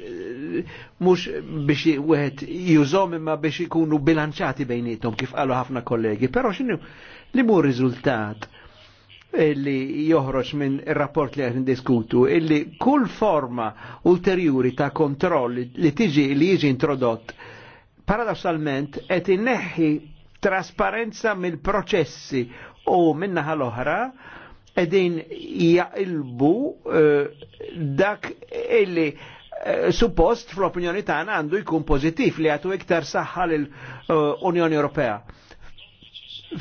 D: mux biex wieħed jużom imma biex ikunu bilanċati bejnietom kif qalu ħafna kollegi, pero xinu li mu riżultat illi joħroġ minn il-rapport li għedin diskutu, illi kull forma ulterjuri ta' kontroll li tiġi li jiġi introdott, paradossalment et inneħi trasparenza mill-proċessi u minna l-oħra edin jaqilbu uh, dak illi uh, suppost fl-opinjoni ta' għandu jkun pozitif li għatu iktar saħħa l-Unjoni eh, uh, Ewropea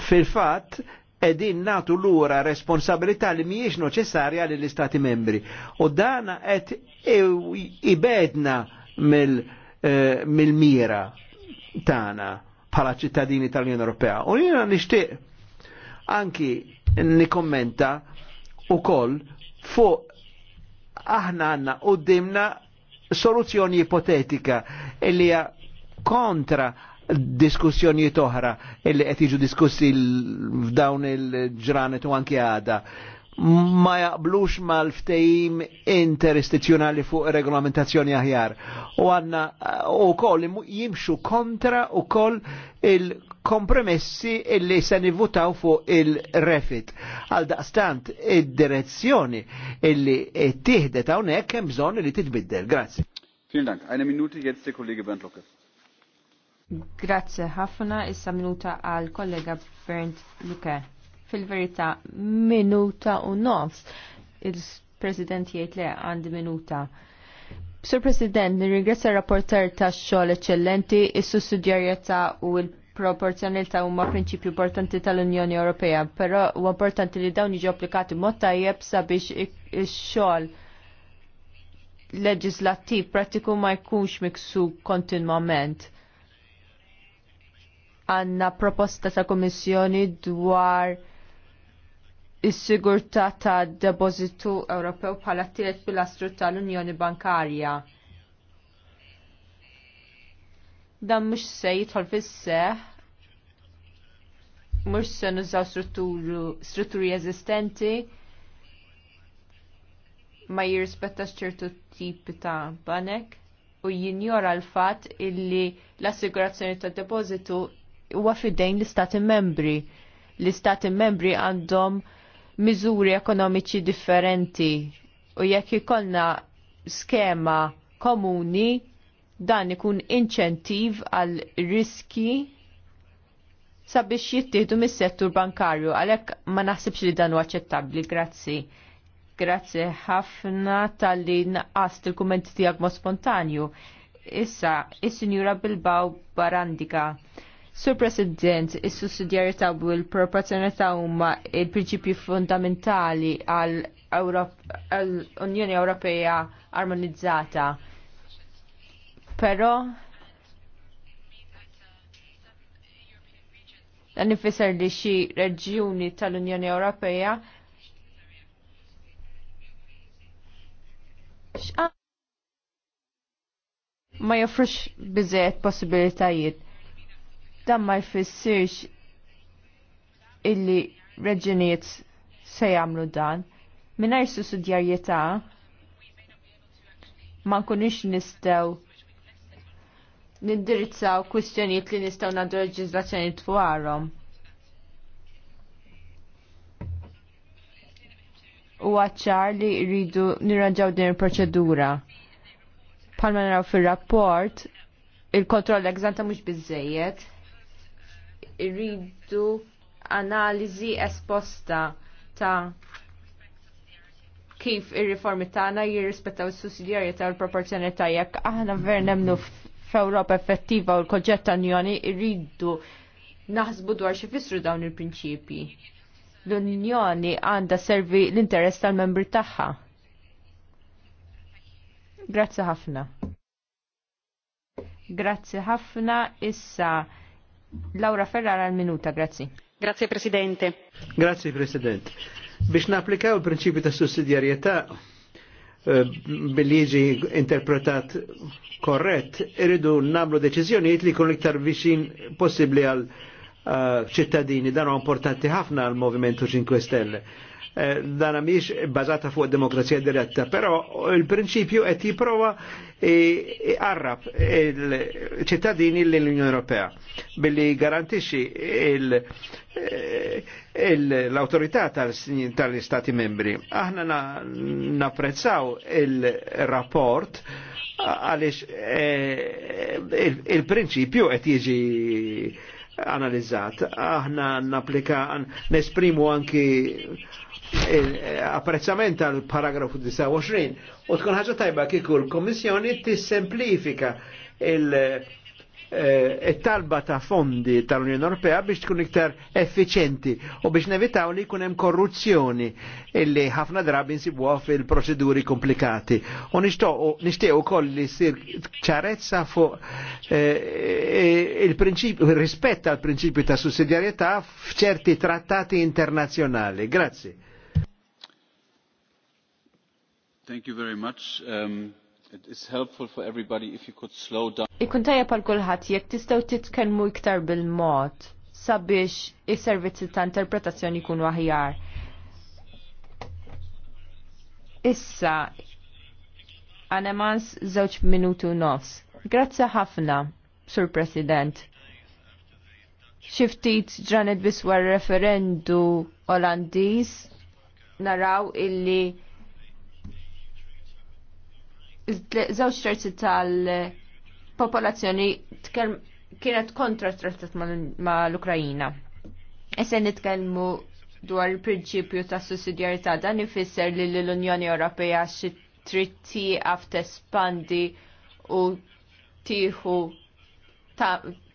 D: fil-fat edin natu l-ura responsabilità li miex noċessarja li l-Istati membri. U dana et ibedna eh, mill-mira mil tana pala ċittadini tal-Unjoni Ewropea. U jina nishtiq anki nikommenta u koll fu aħna għanna u dimna soluzzjoni ipotetika illi kontra diskussjonijiet oħra illi qed jiġu diskussi f'dawn il-ġranet u anki għada ma jaqblux mal-ftejim interistituzjonali fuq regolamentazzjoni aħjar. U għanna u koll jimxu kontra u koll il-kompromessi illi se nivutaw fuq il-refit. Għal daqstant id-direzzjoni illi tiħdet hawnhekk hemm bżonn li titbiddel. Grazie.
C: Vielen Dank. Eine Minute jetzt der Kollege
D: Bernd
B: Grazzi ħafna issa minuta għal kollega Bernd Luke. Fil-verità minuta u nofs il-President jgħid le għandi minuta. Sur President, nirringrazzja rapporter ta' xogħol eċċellenti, is-sussidjarjetà u l proporzjonalità huma prinċipju importanti tal-Unjoni Ewropea, però huwa importanti li dawn jiġu applikati mod tajjeb sabiex ix-xogħol leġislattiv pratiku ma jkunx miksu kontinwament għanna proposta ta' Komissjoni dwar is-sigurtà ta' depozitu Ewropew bħala tielet pilastru tal-Unjoni Bankarja. Dan mhux se jidħol fis-seħ mhux se nużaw strutturi eżistenti ma jirrispettax ċertu tipi ta' banek u jinjora l-fatt illi l-assigurazzjoni ta' depozitu huwa fidejn l-istati membri. L-istati membri għandhom miżuri ekonomiċi differenti u jekk ikollna skema komuni dan ikun inċentiv għal riski sabiex jittieħdu mis-settur bankarju għalhekk ma naħsibx li dan huwa aċċettabbli. Grazzi. Grazzi ħafna tal-li naqast il kumenti tiegħek mod spontanju. Issa, is-Sinjura Bilbaw Barandika. Sur President, is-sussidjarità u l-proporzjonalità huma il-prinċipji fundamentali għal unjoni Ewropea armonizzata. Però dan ifisser li xi reġjuni tal-Unjoni Ewropea ma jofrux biżejjed possibilitajiet Dan ma jfissirx illi reġunijiet se jagħmlu dan. Mingħajr sussidjarjetà ma nkunux nistgħu nindirizzaw kwistjonijiet li nistgħu nagħdu leġiżlazzjoni dwarhom. u għacċar li rridu nirranġaw din il-proċedura. Palma naraw fil-rapport, il-kontroll eżanta mux bizzejiet irridu analiżi esposta ta' kif ir-riformi tagħna jirrispettaw is-sussidjarjetà u l-proporzjonalità jekk aħna ver nemnu f'Ewropa effettiva u l-koġġett ta' Unjoni irridu naħsbu dwar xi fissru dawn il-prinċipji. L-Unjoni għandha servi l-interess tal-membri tagħha. Grazzi ħafna. Grazzi ħafna issa Laura Ferrara al minuta grazie. Grazie
A: Presidente.
D: Grazie Presidente. Biex naplikaw il-prinċipju ta' sussidjarjetà eh, billi jiġi interpretat korrett, irridu namlu deċiżjonijiet li jkunu iktar viċin possibbli għal eh, ċittadini, dan importanti ħafna għal Movimentu 5 Stelle Eh, dana miex bazata fuq demokrazija diretta, pero il-prinċipju qed jiprova iqarrab il-ċittadini l-Unjoni Ewropea billi garantixxi eh, l-autorità tal-Istati membri. Aħna napprezzaw il-rapport għaliex eh, il-prinċipju qed jiġi analizzat. Aħna naplika, nesprimu anki eh, apprezzament għal paragrafu 29 u tkun ħaġa tajba kiku l-Komissjoni tissemplifika il- Eh, e talba ta' fondi tal-Unjoni Ewropea biex tkun iktar effiċenti u biex nevitaw li kunem korruzzjoni illi ħafna drabi nsibuha fil-proċeduri komplikati. U nixtieq koll li sir ċarezza fuq eh, eh, il-prinċipju rispetta għal prinċipju ta' sussidjarjetà f'ċerti trattati internazzjonali. Grazzi.
C: Thank you very much. Um... It is helpful for everybody if you could slow down.
D: Ikun
B: tajja pal kulħadd jekk tistgħu titkellmu iktar bil-mod sabiex is-servizzi ta' interpretazzjoni jkunu aħjar. Issa għanemans żewġ minutu nofs. Grazzi ħafna, Sur President. Xiftit ġranet biswar referendu Olandiż naraw illi żewġ terzi tal-popolazzjoni kienet kontra trattat ma' l-Ukrajina. Issa e nitkellmu dwar il-prinċipju ta' sussidjarità dan ifisser li l-Unjoni Ewropea xi trid tieqaf tespandi u tieħu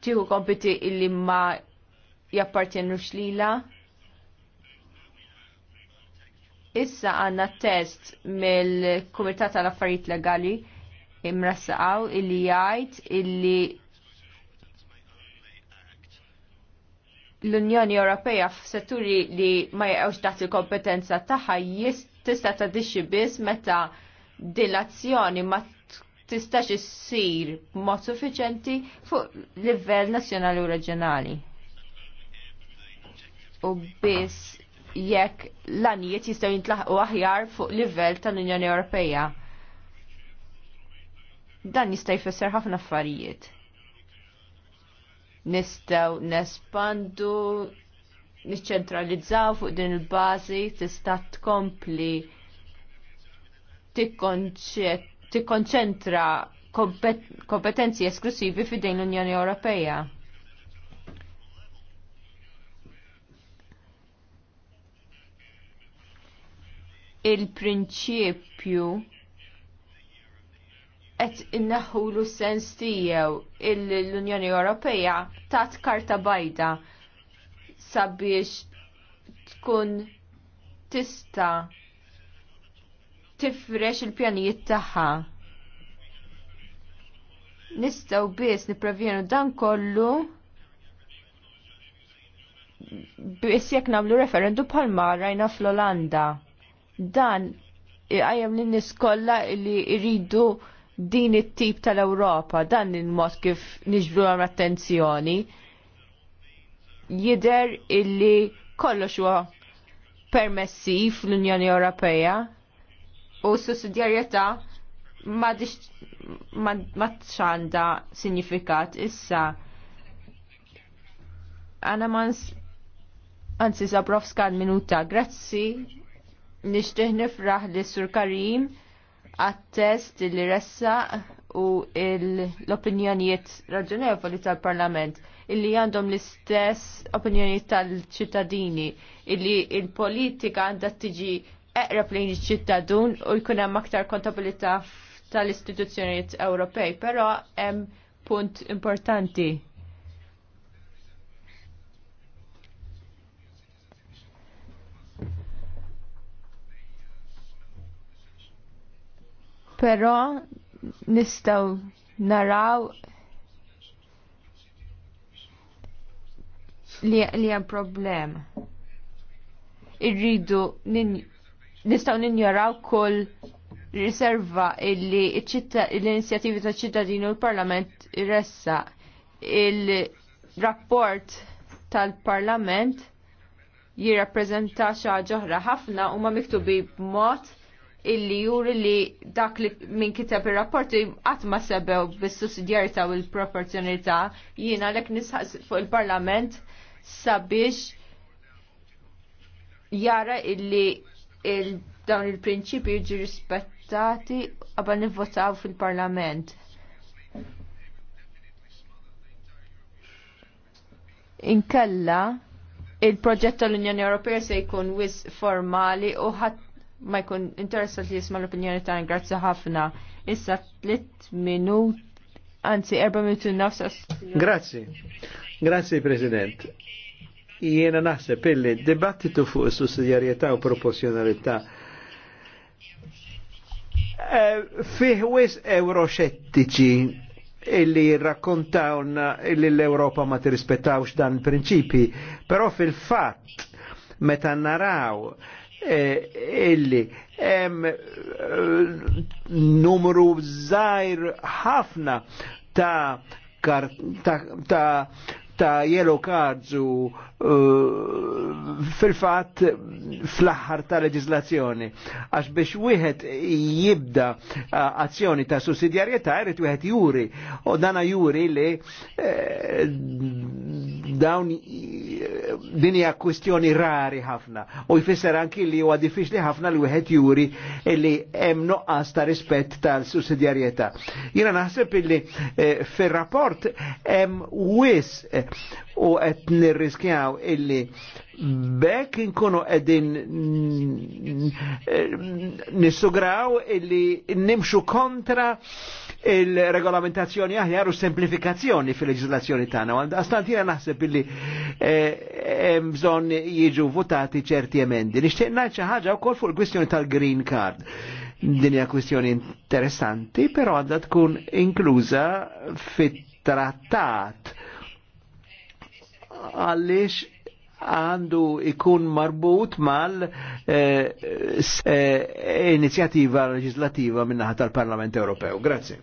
B: tieħu kompiti illi ma jappartjenux lilha. Issa għanna test mill-Kumitat tal-Affarijiet Legali imrassaqaw illi jgħid illi l-Unjoni Ewropea f'setturi li ma jgħawx taħt il-kompetenza tagħha tista' tadixxi biss meta dilazzjoni ma tistax issir b'mod suffiċenti fuq livell nazzjonali u reġjonali. U biss jekk l-anijiet jistgħu jintlaħqu aħjar fuq livell tal-Unjoni Ewropea. Dan jista' jfisser ħafna affarijiet. Nistgħu nespandu, niċċentralizzaw fuq din il-bażi tista' tkompli tikkonċentra kompetenzi esklusivi fidejn l-Unjoni Ewropea il-prinċipju qed l sens tiegħu l-Unjoni Ewropea tat karta bajda sabiex tkun tista tifrex il-pjanijiet tagħha. Nistgħu biss nippravjenu dan kollu biss jekk nagħmlu referendu bħal rajna fl-Olanda Dan għajem l-nis kolla li jridu din it-tip tal-Ewropa, dan il-mod kif nġbru għam attenzjoni, jider illi kollox huwa permessi fl-Unjoni Ewropea u sussidjarjetà ma ċanda signifikat issa. Anamans, anzi Zabrovska minuta, grazzi Nixtieq nifraħ li Sur Karim attest li ressa u l-opinjonijiet raġunevoli tal-Parlament illi għandhom l-istess opinjoni tal-ċittadini illi il-politika għandha tiġi eqrab lejn iċ-ċittadun u jkun hemm aktar kontabilità tal-istituzzjonijiet Ewropej, però hemm punt importanti però nistgħu naraw li hemm problem. Irridu nistgħu ninjaraw kull riserva illi l-inizjativi ta' ċittadini u l-Parlament irressa il-rapport tal-Parlament jirrapprezenta xi ħaġa oħra ħafna huma miktubi b'mod illi juri li dak li minn kitab il-rapporti għatma sebew bis-sussidjarita u l-proporzjonalità jiena lek nisħas fuq il-parlament sabiex jara illi il dawn il-prinċipi jiġi rispettati għabba nivvotaw fil-parlament. Inkella il-proġett tal-Unjoni Ewropea se jkun wis formali u ħadd ma jkun interessat li jisma l-opinjoni ta' grazzi ħafna. Issa tlitt minut, anzi erba minutu nafsa.
D: Grazzi, grazzi President. Jiena naħseb illi dibattitu fuq sussidjarjetà u proporzjonalità eh, fih wis euroxettiċi illi rakkontawna illi l-Europa ma tirrispettawx dan il-prinċipi, però fil-fatt meta naraw Eh, illi hemm eh, numru żgħir ħafna ta' ta', ta, ta yellow cards u Eh, fil-fat fl-aħħar ta' leġislazzjoni. Għax biex wieħed jibda eh, azzjoni ta' sussidjarjetà jrid wieħed juri. U dana juri li eh, dawn din hija kwistjoni rari ħafna. U jfisser anki li huwa diffiċli ħafna li wieħed juri li hemm noqqas ta' rispett tal-sussidjarjetà. Jiena naħseb illi fir-rapport hemm wis u qed nirriskjaw illi bekk inkunu qegħdin nissugraw illi nimxu kontra il-regolamentazzjoni aħjar u semplifikazzjoni fil-leġislazzjoni tagħna. Għastant jiena naħseb illi eh, hemm bżonn jiġu votati ċerti emendi. Nixtieq ngħid xi ħaġa wkoll fuq il-kwistjoni tal-green card dinja kwistjoni interessanti, però għadda tkun inkluża fit trattat għaliex għandu ikun marbut mal eh, eh, inizjativa legislativa minnaħa tal-Parlament Ewropew. Grazie.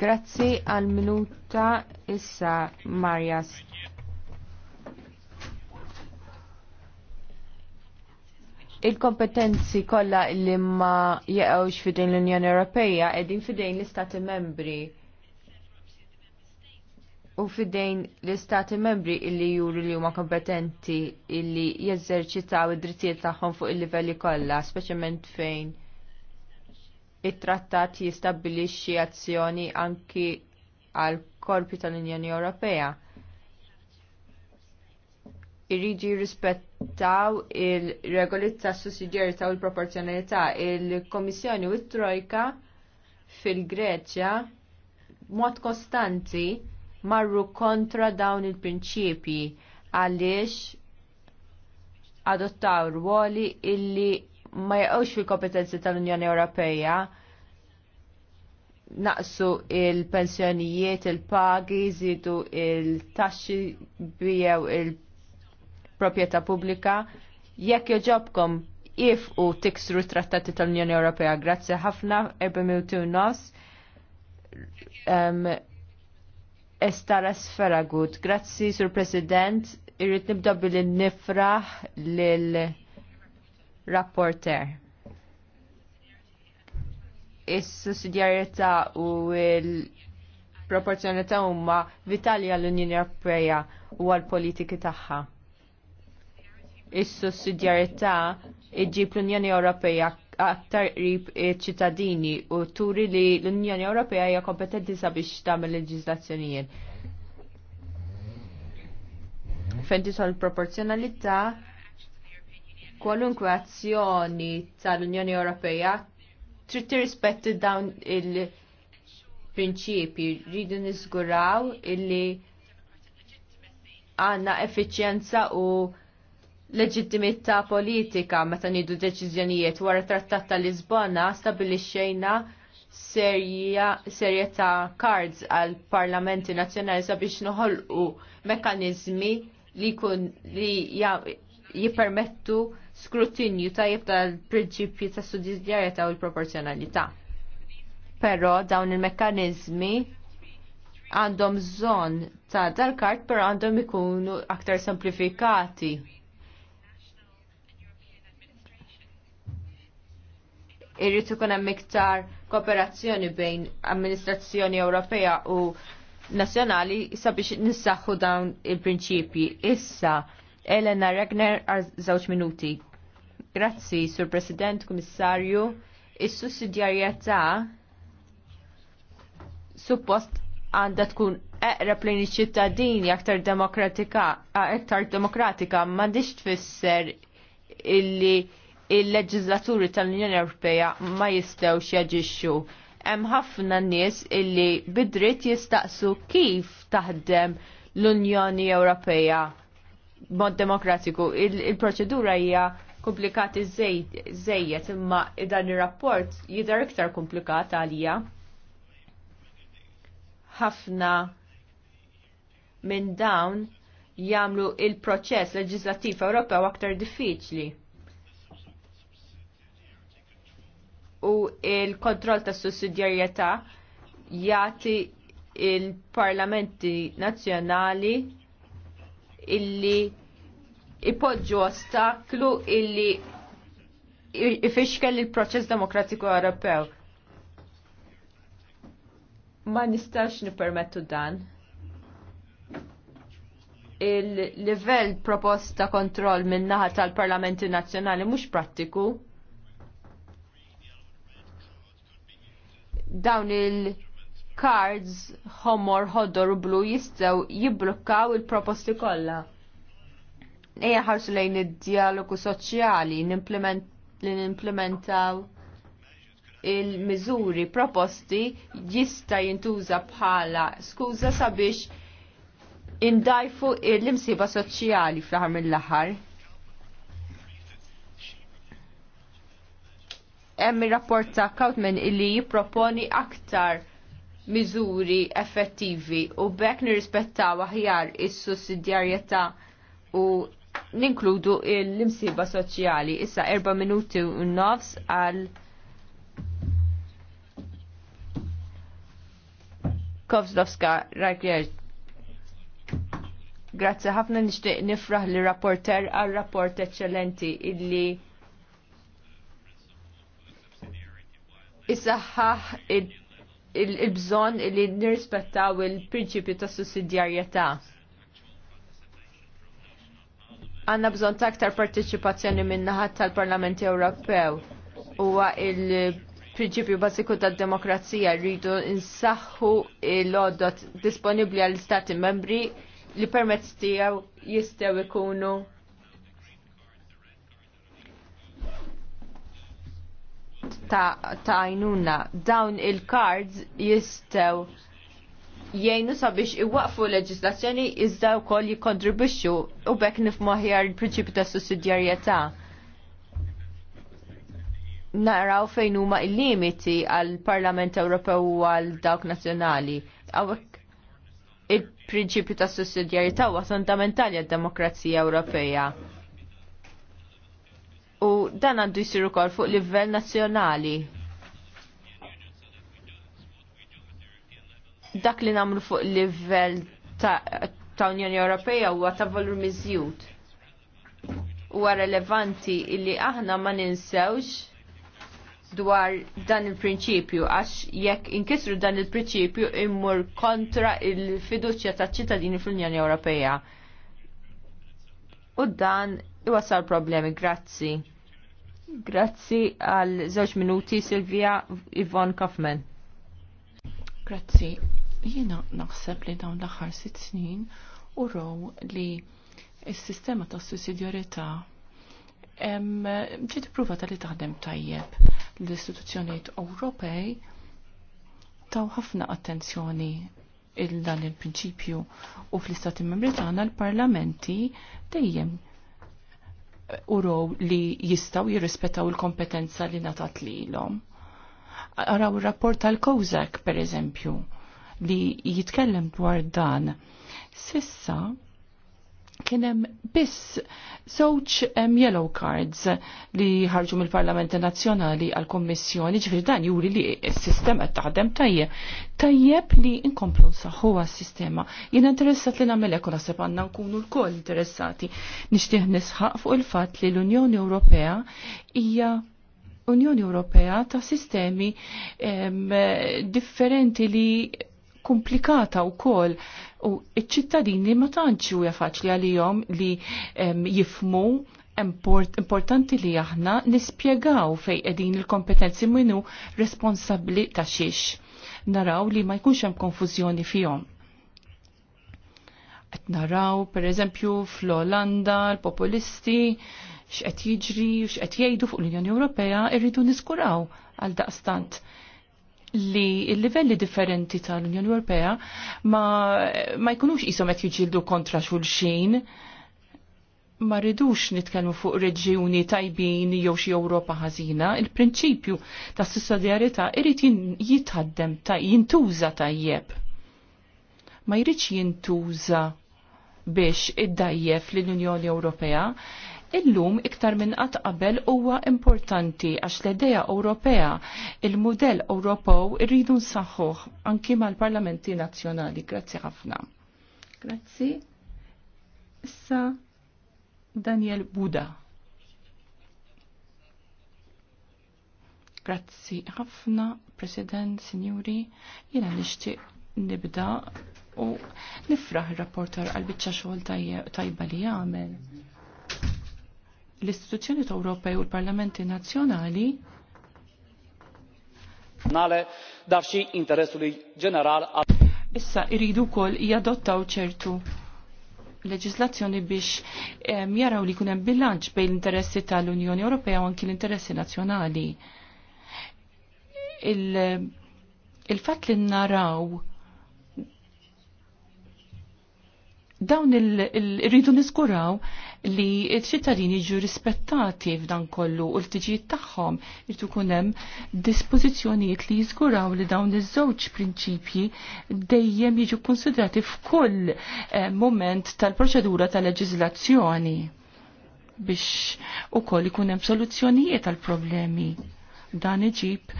B: Grazzi għal minuta issa Marjas. Il-kompetenzi kollha li ma jeqgħux fidejn l-Unjoni Ewropea qegħdin fidejn l-Istati Membri u fidejn l-istati membri illi juru li huma kompetenti illi jeżerċitaw id-drittijiet tagħhom fuq il-livelli kollha, speċjalment fejn it-trattat jistabbilixxi azzjoni anki għal korpi tal-Unjoni Ewropea. Irridu jirrispettaw il-regoli ta' sussidjarità u l-proporzjonalità. Il-Komissjoni u t-Trojka fil-Greċja mod kostanti marru kontra dawn il-prinċipji għaliex adottaw ruoli illi ma jaqgħux fil-kompetenzi tal-Unjoni Ewropea naqsu il-pensjonijiet, il-pagi, zidu il-taxxi bijew il-propieta pubblika. Jekk joġobkom if u tiksru trattati tal-Unjoni Ewropea, grazzi ħafna, erbemiltu nos. Um, Estara Sferagut. Grazzi, Sur President. Irrit nibda billi nifraħ lil-rapporter. Is-sussidjarjetà u l-proporzjonalità huma vitali għall-Unjoni Ewropea u għall-politiki tagħha. Is-sussidjarjetà iġġib l-Unjoni Ewropea aktar qrib ċittadini u turi li l-Unjoni Ewropea hija kompetenti sabiex tagħmel leġiżlazzjonijiet. Fejn sol proporzjonalità kwalunkwe azzjoni tal-Unjoni Ewropea trid tirrispetti dawn il-prinċipji rridu niżguraw illi għandna effiċjenza u leġittimità politika meta nidu deċiżjonijiet wara trattat ta' Lisbona stabilixxejna serje ta' cards għal parlamenti nazzjonali sabiex noħolqu mekkaniżmi li kun li jippermettu skrutinju ta' tal-prinċipji ta' sudizjarieta u l-proporzjonalità. Però dawn il-mekkaniżmi għandhom bżonn ta' dal-kart, però għandhom ikunu aktar semplifikati irrid ikun hemm iktar kooperazzjoni bejn amministrazzjoni Ewropea u nazzjonali sabiex nissaħħu dawn il-prinċipji. Issa, Elena Regner għal żewġ minuti. Grazzi, Sur President, Kummissarju. Is-sussidjarjetà suppost għandha tkun eqreb lejn iċ-ċittadini aktar demokratika, aktar demokratika m'għandix tfisser illi il-leġizlaturi tal-Unjoni Ewropea ma jistgħux jaġixxu. Hemm ħafna nies illi bidrit jistaqsu kif taħdem l-Unjoni Ewropea mod demokratiku. Il-proċedura il hija komplikati żejjed imma dan ir-rapport jidher iktar komplikat għalija. Ħafna minn dawn jagħmlu il-proċess leġislattiv Ewropew aktar diffiċli. u il-kontroll tas sussidjarjetà jagħti il-parlamenti nazzjonali illi ipoġġu ostaklu illi ifixkel il-proċess demokratiku Ewropew. Ma nistax nipermettu dan. Il-livell proposta kontroll min-naħa tal-Parlamenti Nazzjonali mhux prattiku. dawn il-cards homor, hodor, u blu jistgħu jibblukkaw il-proposti kollha. Eja ħarsu lejn id-dialogu soċjali li nimplementaw il-miżuri proposti jista' jintuża bħala skuża sabiex indajfu l-imsiba soċjali fl-aħħar mill-aħħar. hemm ir-rapport ta' Kautman illi jipproponi aktar miżuri effettivi u bekk nirrispettaw aħjar is-sussidjarjetà u ninkludu l-imsiba soċjali. Issa erba minuti u nofs għal Kovzlovska Rajkjer. Grazzi ħafna nixtieq nifraħ li rapporter għal rapport eċċellenti illi isaħħaħ il-bżon li nirrispettaw il-prinċipju ta' sussidjarjetà. Għanna bżon ta' aktar partiċipazzjoni minnaħat tal-Parlament Ewropew huwa il-prinċipju bażiku tad-demokrazija rridu nsaħħu l-għodot disponibbli għall istati membri li permezz tiegħu jistgħu ikunu ta' għajnuna dawn il cards jistew jgħinu sabiex iwaqfu leġislazzjoni iżda wkoll jikkontribwixxu u bekk nifmaħjar aħjar il-prinċipju ta' sussidjarjetà. Naraw fejn huma il-limiti għall Parlament Ewropew u għal dawk nazzjonali. Għawek il-prinċipju ta' sussidjarjetà huwa fundamentali għad-demokrazija Ewropea dan għandu jisiru ukoll fuq livell nazzjonali. Dak li namlu fuq livell ta', Unjoni Ewropea huwa ta' volum miżjud. Huwa relevanti illi aħna ma ninsewx dwar dan il-prinċipju għax jekk inkisru dan il-prinċipju immur kontra il-fiduċja ta' ċittadini fl-Unjoni Ewropea. U dan iwasal problemi, grazzi. Grazzi għal żewġ minuti Silvia Ivon Kaufman.
A: Grazzi. Jiena naħseb li dawn l-aħħar sitt snin u row li s-sistema ta' sussidjarità ġiet ipprovata li taħdem tajjeb. L-istituzzjonijiet Ewropej taw ħafna attenzjoni il dan il-prinċipju u fl-istati membri tagħna l-parlamenti dejjem uraw li jistaw jirrispettaw il-kompetenza li natat li l-om. Araw il-rapport tal-Kozak, per eżempju, li jitkellem dwar dan. Sissa, kienem biss soċ yellow cards li ħarġu mill-Parlament Nazzjonali għal kommissjoni ġifir dan juri li s sistema qed taħdem tajjeb. Tajjeb li inkomplu nsaħħu għas-sistema. Jien interessat li namel hekk naħseb għandna nkunu lkoll interessati. Nixtieħ nisħaq fuq il-fatt li l-Unjoni Ewropea hija Unjoni Ewropea ta' sistemi em, differenti li komplikata u kol u iċ-ċittadini ma tantxu faċli għalihom li jifmu import, importanti li aħna nispjegaw fej qegħdin il-kompetenzi minnu responsabbli ta' xiex. Naraw li ma jkunx hemm konfużjoni fihom. Qed naraw pereżempju fl-Olanda l-populisti x'qed jiġri u x'qed jgħidu fuq l-Unjoni Ewropea irridu niskuraw għal daqstant li il-livelli differenti tal-Unjoni Ewropea ma, ma jkunux isom qed jiġildu kontra xulxin. Ma rridux nitkellmu fuq reġjuni tajbin jew xi Ewropa ħażina, il-prinċipju ta' sussidjarjetà irid jitħaddem ta' jintuża tajjeb. Ma jridx jintuża biex iddajjef l-Unjoni Ewropea, illum iktar minn qatt qabel huwa importanti għax l-idea Ewropea, il-mudell Ewropew irridu nsaħħuh anki mal-parlamenti nazzjonali. Grazzi ħafna. Grazzi. Issa Daniel Buda. Grazzi ħafna, President, Sinjuri, jena nixtieq nibda u nifraħ il-rapporter għal-bicċa xogħol tajba li jagħmel l-istituzzjoni Ewropej u l-parlamenti nazzjonali nazzjonale dar xi interessului ġeneral Issa iridu wkoll jadottaw ċertu leġislazzjoni biex jaraw li jkun hemm bilanċ bejn l-interessi tal-Unjoni Ewropea u anki l-interessi nazzjonali. Il-fatt li naraw dawn il-ridu niskuraw li ċ-ċittadini ġu rispettati f'dan kollu u l-tiġijiet tagħhom irtu kunem dispożizzjonijiet li jiżguraw li dawn iż-żewġ prinċipji dejjem jiġu konsidrati f'kull eh, moment tal-proċedura tal-leġiżlazzjoni biex ukoll ikun hemm soluzzjonijiet għal problemi dan iġib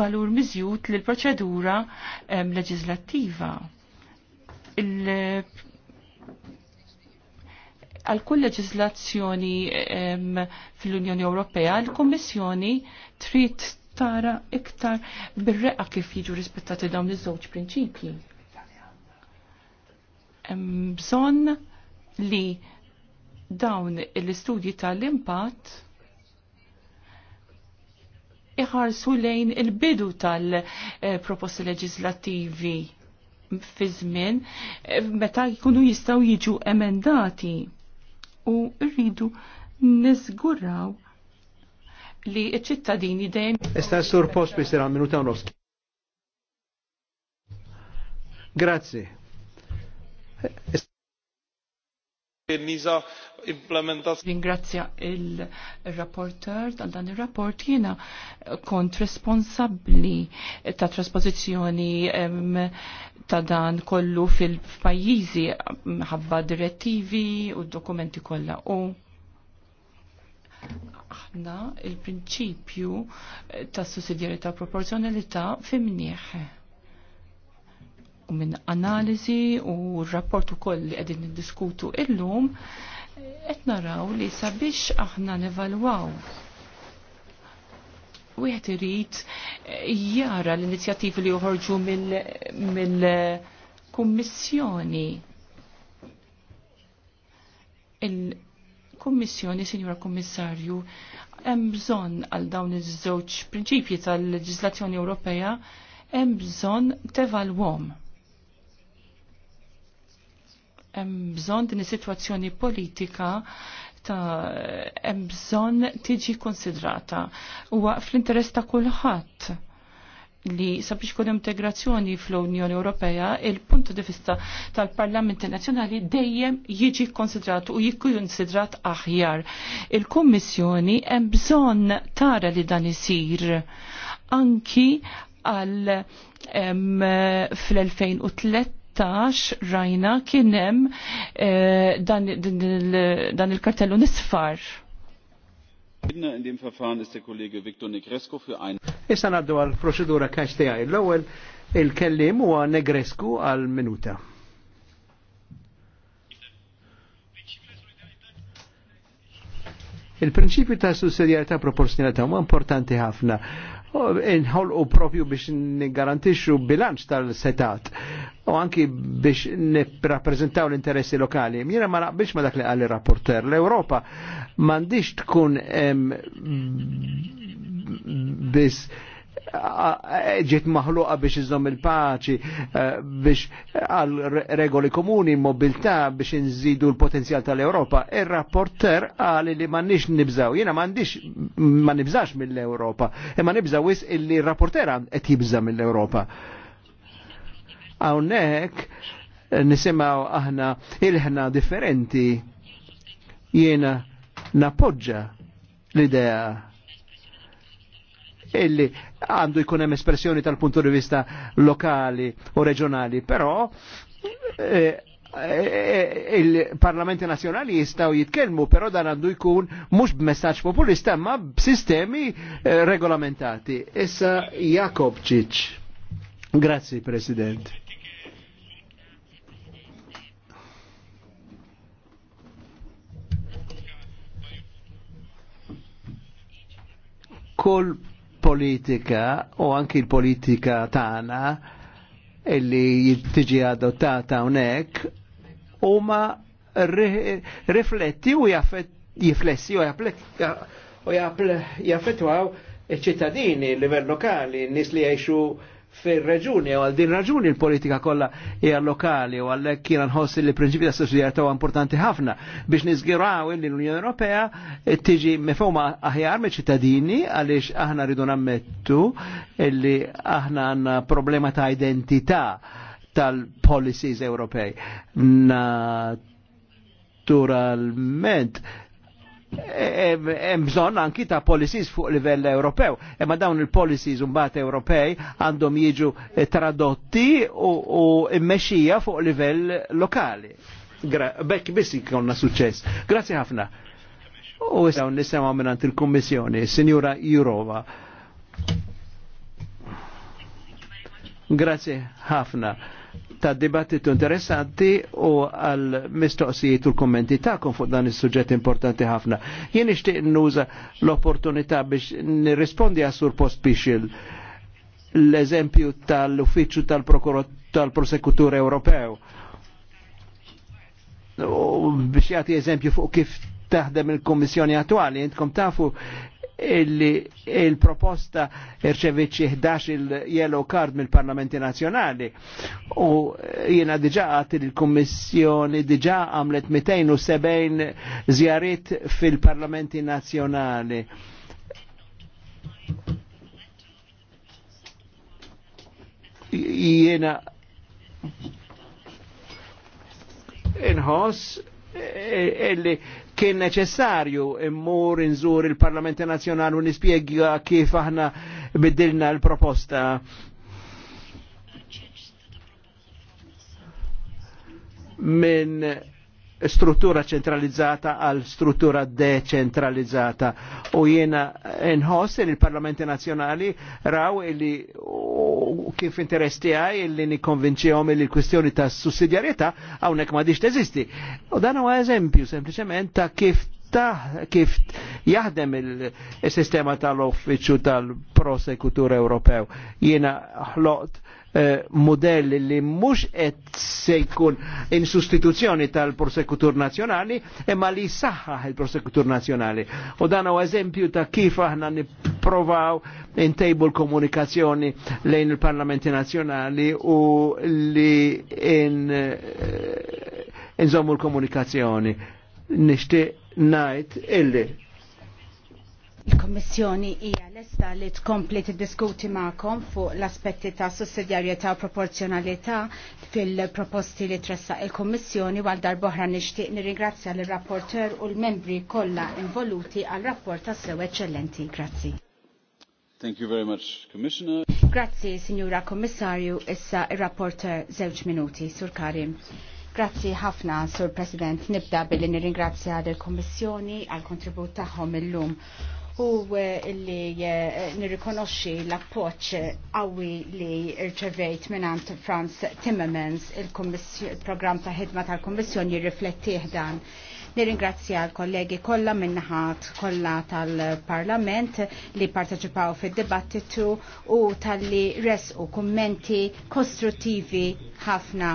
A: valur miżjut lil proċedura eh, leġislattiva għal kull leġislazzjoni fil-Unjoni Ewropea, l-Kommissjoni trid tara iktar bir-reqa kif jiġu rispettati dawn iż-żewġ prinċipji. Bżonn li dawn l-istudji tal-impatt iħarsu lejn il-bidu tal-proposti leġislattivi fi żmien meta jkunu jistgħu jiġu emendati u rridu nizguraw li ċittadini dejjem.
D: Esta sur post bi sira minuta e u nofs. Grazie implementazzjoni.
A: Ringrazzja il-rapporter tal dan il-rapport jiena kont responsabbli ta' trasposizjoni ta' dan kollu fil-pajjiżi ħabba direttivi u dokumenti kollha u aħna il-prinċipju ta' sussidjarità proporzjonalità fimnieħ u minn analizi u r-rapport ukoll li qegħdin niddiskutu illum qed naraw li sabiex aħna nevalwaw wieħed irid jara l-inizjattivi li joħorġu mill-kummissjoni. Il-kummissjoni, signora Kummissarju, hemm bżonn għal dawn iż-żewġ prinċipji tal-leġiżlazzjoni Ewropea hemm bżonn tevalwhom hemm bżonn din is-sitwazzjoni politika ta' hemm bżonn tiġi konsidrata huwa fl-interess ta' kulħadd li sabiex kol integrazzjoni fl-Unjoni Ewropea, il-punt di vista tal-Parlamenti Nazzjonali dejjem jiġi konsidrat u jikkonsidrat aħjar. Il-Kummissjoni hemm bżonn tara li dan isir anki għal fl-2003 2013 rajna kienem dan, il-kartellu nisfar.
C: In dem Verfahren ist der Kollege Viktor Negresko für ein.
D: Issa naddu għal proċedura kax tiegħi. L-ewwel il-kellim u għal Negresku għal minuta. Il-prinċipju ta' sussidjarità proporzjonalità huwa importanti ħafna inħolqu propju biex n-garantixu bilanċ tal-setat u anki biex n nipprappreżentaw l-interessi lokali. Jiena ma naqbilx ma dak li għalli rapporter. L-Europa m'għandix tkun biss ġiet maħluqa biex iżom il-paċi, eh, biex għal regoli komuni, mobilità biex nżidu l-potenzjal tal-Europa. Il-rapporter għal li nix nibżaw, jena mandiġ ma nibżax mill-Europa, imma e nibżaw is illi rapporter għet jibża mill-Europa. Għawnek eh, nisimaw aħna il-ħna differenti jena napoġġa l-idea illi għandu jkunem espressjoni tal-puntu di vista lokali u reġjonali, però eh, eh, il-parlamenti nazjonali jistaw jitkelmu, però dan għandu jkun mux b b'messaċ populista, ma b-sistemi eh, regolamentati. Issa Jakobčić. Grazzi, President. Kol politika u anki l-politika tagħna illi tiġi adottata hawnhekk huma rifletti u jiflessi u jaffettwaw iċ-ċittadini, il-livell lokali, n-nis li jgħixu fejn reġuni u għal din raġuni il-politika kolla hija lokali, u għallek kiena nħoss li prinċipi ta' sussidjarità huwa importanti ħafna biex niżgiraw li l-Unjoni Ewropea tiġi mifhuma aħjar me ċittadini għaliex aħna ridu nammettu li aħna għandna problema ta' identità tal-policies Ewropej. Naturalment, hemm bżonn anki ta' policies fuq livell Ewropew. Imma dawn il-policies mbagħad Ewropej għandhom jiġu eh, tradotti u mmexxija fuq livell lokali. Bekk biss jkollna suċċess. Grazzi ħafna. U issa nisema minn il-Kummissjoni, Sinjura Jurova. Grazie, ħafna ta' dibattitu interessanti u għal mistoqsijiet u l-kommenti ta'kom fuq dan is-suġġett importanti ħafna. Jien nixtieq nuża l-opportunità biex nirrispondi għas sur post bixil l-eżempju tal-uffiċċju tal-prosekutur tal Ewropew. U biex jagħti eżempju fuq kif taħdem il-Kommissjoni attuali, intkom tafu illi il-proposta irċevit 11 il-yellow card mill-Parlamenti Nazjonali. u jiena diġa għati l-Kommissjoni diġa għamlet 270 zjarit fil-Parlamenti Nazjonali. Jiena inħoss illi kien neċessarju immur inżur il-Parlamenti Nazjonali u nispjega kif aħna bidilna l-proposta. minn struttura ċentralizzata għal struttura deċentralizzata u jiena nħoss li l-Parlamenti Nazzjonali raw li kif interesti għaj li nikonvinċihom li l-kwistjoni ta' sussidjarieta hawnhekk m'għadix teżisti. U dan huwa eżempju sempliċement ta' kif ta' kif jaħdem il-sistema tal-offiċu tal-prosekutur Ewropew. Jiena ħloqt Eh, modell li mhux qed se jkun in sostituzzjoni tal-prosekutur nazzjonali imma li saħħaħ il-prosekutur nazzjonali. U dan huwa eżempju ta' kif aħna nipprovaw intejbu l-komunikazzjoni lejn il-Parlamenti Nazzjonali u li in eh, inżommu l-komunikazzjoni. Nixtieq ngħid illi
C: Il-Kommissjoni hija lesta li tkompli tiddiskuti magħkom fuq l-aspetti ta' sussidjarjetà u proporzjonalità fil-proposti li tressa il-Kommissjoni għal boħra nixtieq nirringrazzja l rapporteur u l-membri kollha involuti għal rapport ta' sew eċċellenti. Grazzi. Thank you very much, Commissioner. Grazzi, Signora Kommissarju, issa il-rapporter żewġ minuti, Sur Karim. Grazzi ħafna, Sur President. Nibda billi nirringrazzja l-Kommissjoni għal kontribut tagħhom illum. lum u eh, li eh, nirrikonoxxi l-appoċ qawwi li rċevejt minnant Franz Timmermans il-programm ta' ħidma tal-Kommissjoni jirriflettih dan Nirringrazzja l-kollegi kollha minnaħat kollha tal-Parlament li parteċipaw fid-dibattitu u tal-li u kummenti kostruttivi ħafna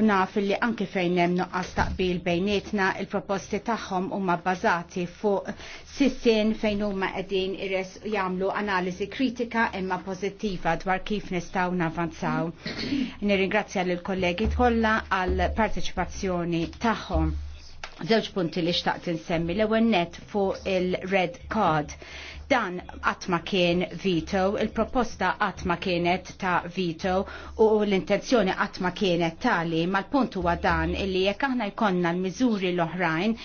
C: u naf li anki fejn hemm nuqqas taqbil bejnietna il-proposti tagħhom huma bbażati fuq sissien fejn huma qegħdin ires jagħmlu analiżi kritika imma pożittiva dwar kif nistgħu navanzaw. Nirringrazzja lill kollegi kollha għall parteċipazzjoni tagħhom. Zewġ punti li xtaqt insemmi l-ewwel net fuq il-red card dan għatma kien veto, il-proposta għatma kienet ta' veto u l-intenzjoni għatma kienet tali, mal-punt huwa dan illi jekk aħna jkonna l-miżuri l-oħrajn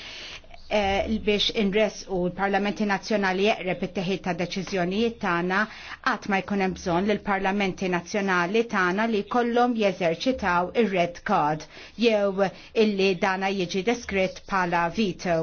C: Eh, biex inres u l-Parlamenti Nazzjonali jeqreb it-teħid ta' deċiżjonijiet tagħna qatt ma jkun hemm bżonn lill parlamenti Nazzjonali tagħna li kollhom jeżerċitaw ir-red card jew illi dana jiġi deskritt bħala veto.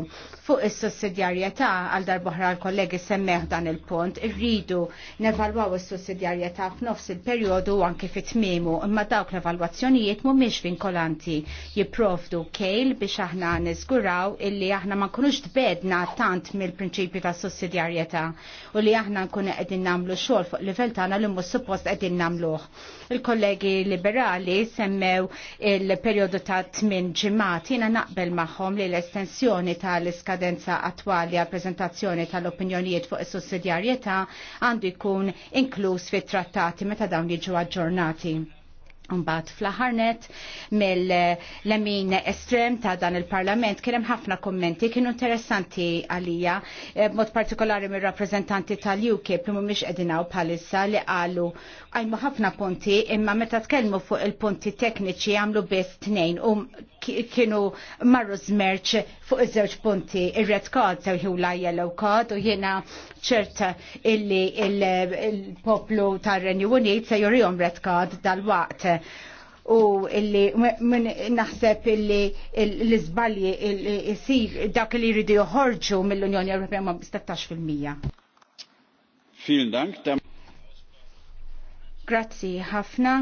C: Fuq is-sussidjarjetà għal darbohra l-kollegi semmeħ dan il-punt irridu nevalwaw is-sussidjarjetà f'nofs il-perjodu anke fit-tmiemu imma dawk l-evalwazzjonijiet mhumiex vinkolanti jipprovdu kejl biex aħna niżguraw illi aħna ma nkunux tbedna tant mill-prinċipju ta' sussidjarjetà u li aħna nkun qegħdin nagħmlu xogħol fuq livell tagħna li mhux suppost qegħdin nagħmluh. Il-kollegi liberali semmew il-perjodu ta' tmin ġimgħat jiena naqbel magħhom li l-estensjoni tal-iskadenza attwali għal preżentazzjoni tal-opinjonijiet fuq is-sussidjarjetà għandu jkun inkluż fit-trattati meta dawn jiġu aġġornati. Mbagħad fl-aħarnet mill-lemin estrem ta' dan il-Parlament kien hemm ħafna kommenti kienu interessanti għalija eh, b'mod partikolari mir-rappreżentanti tal-UKIP li mhumiex qegħdin hawn bħalissa li qalu għajmu ħafna punti imma meta tkellmu fuq il-punti tekniċi għamlu biss tnejn u um kienu marru zmerċ fuq iż-żewġ punti ir-red card hu la yellow card u jiena ċerta illi il-poplu tar-Renju Unit se jurihom red card dal-waqt u illi minn naħseb illi l-izbalji jisir dak li jridu joħorġu mill-Unjoni Ewropea ma 17%. Vielen Dank. Grazzi ħafna.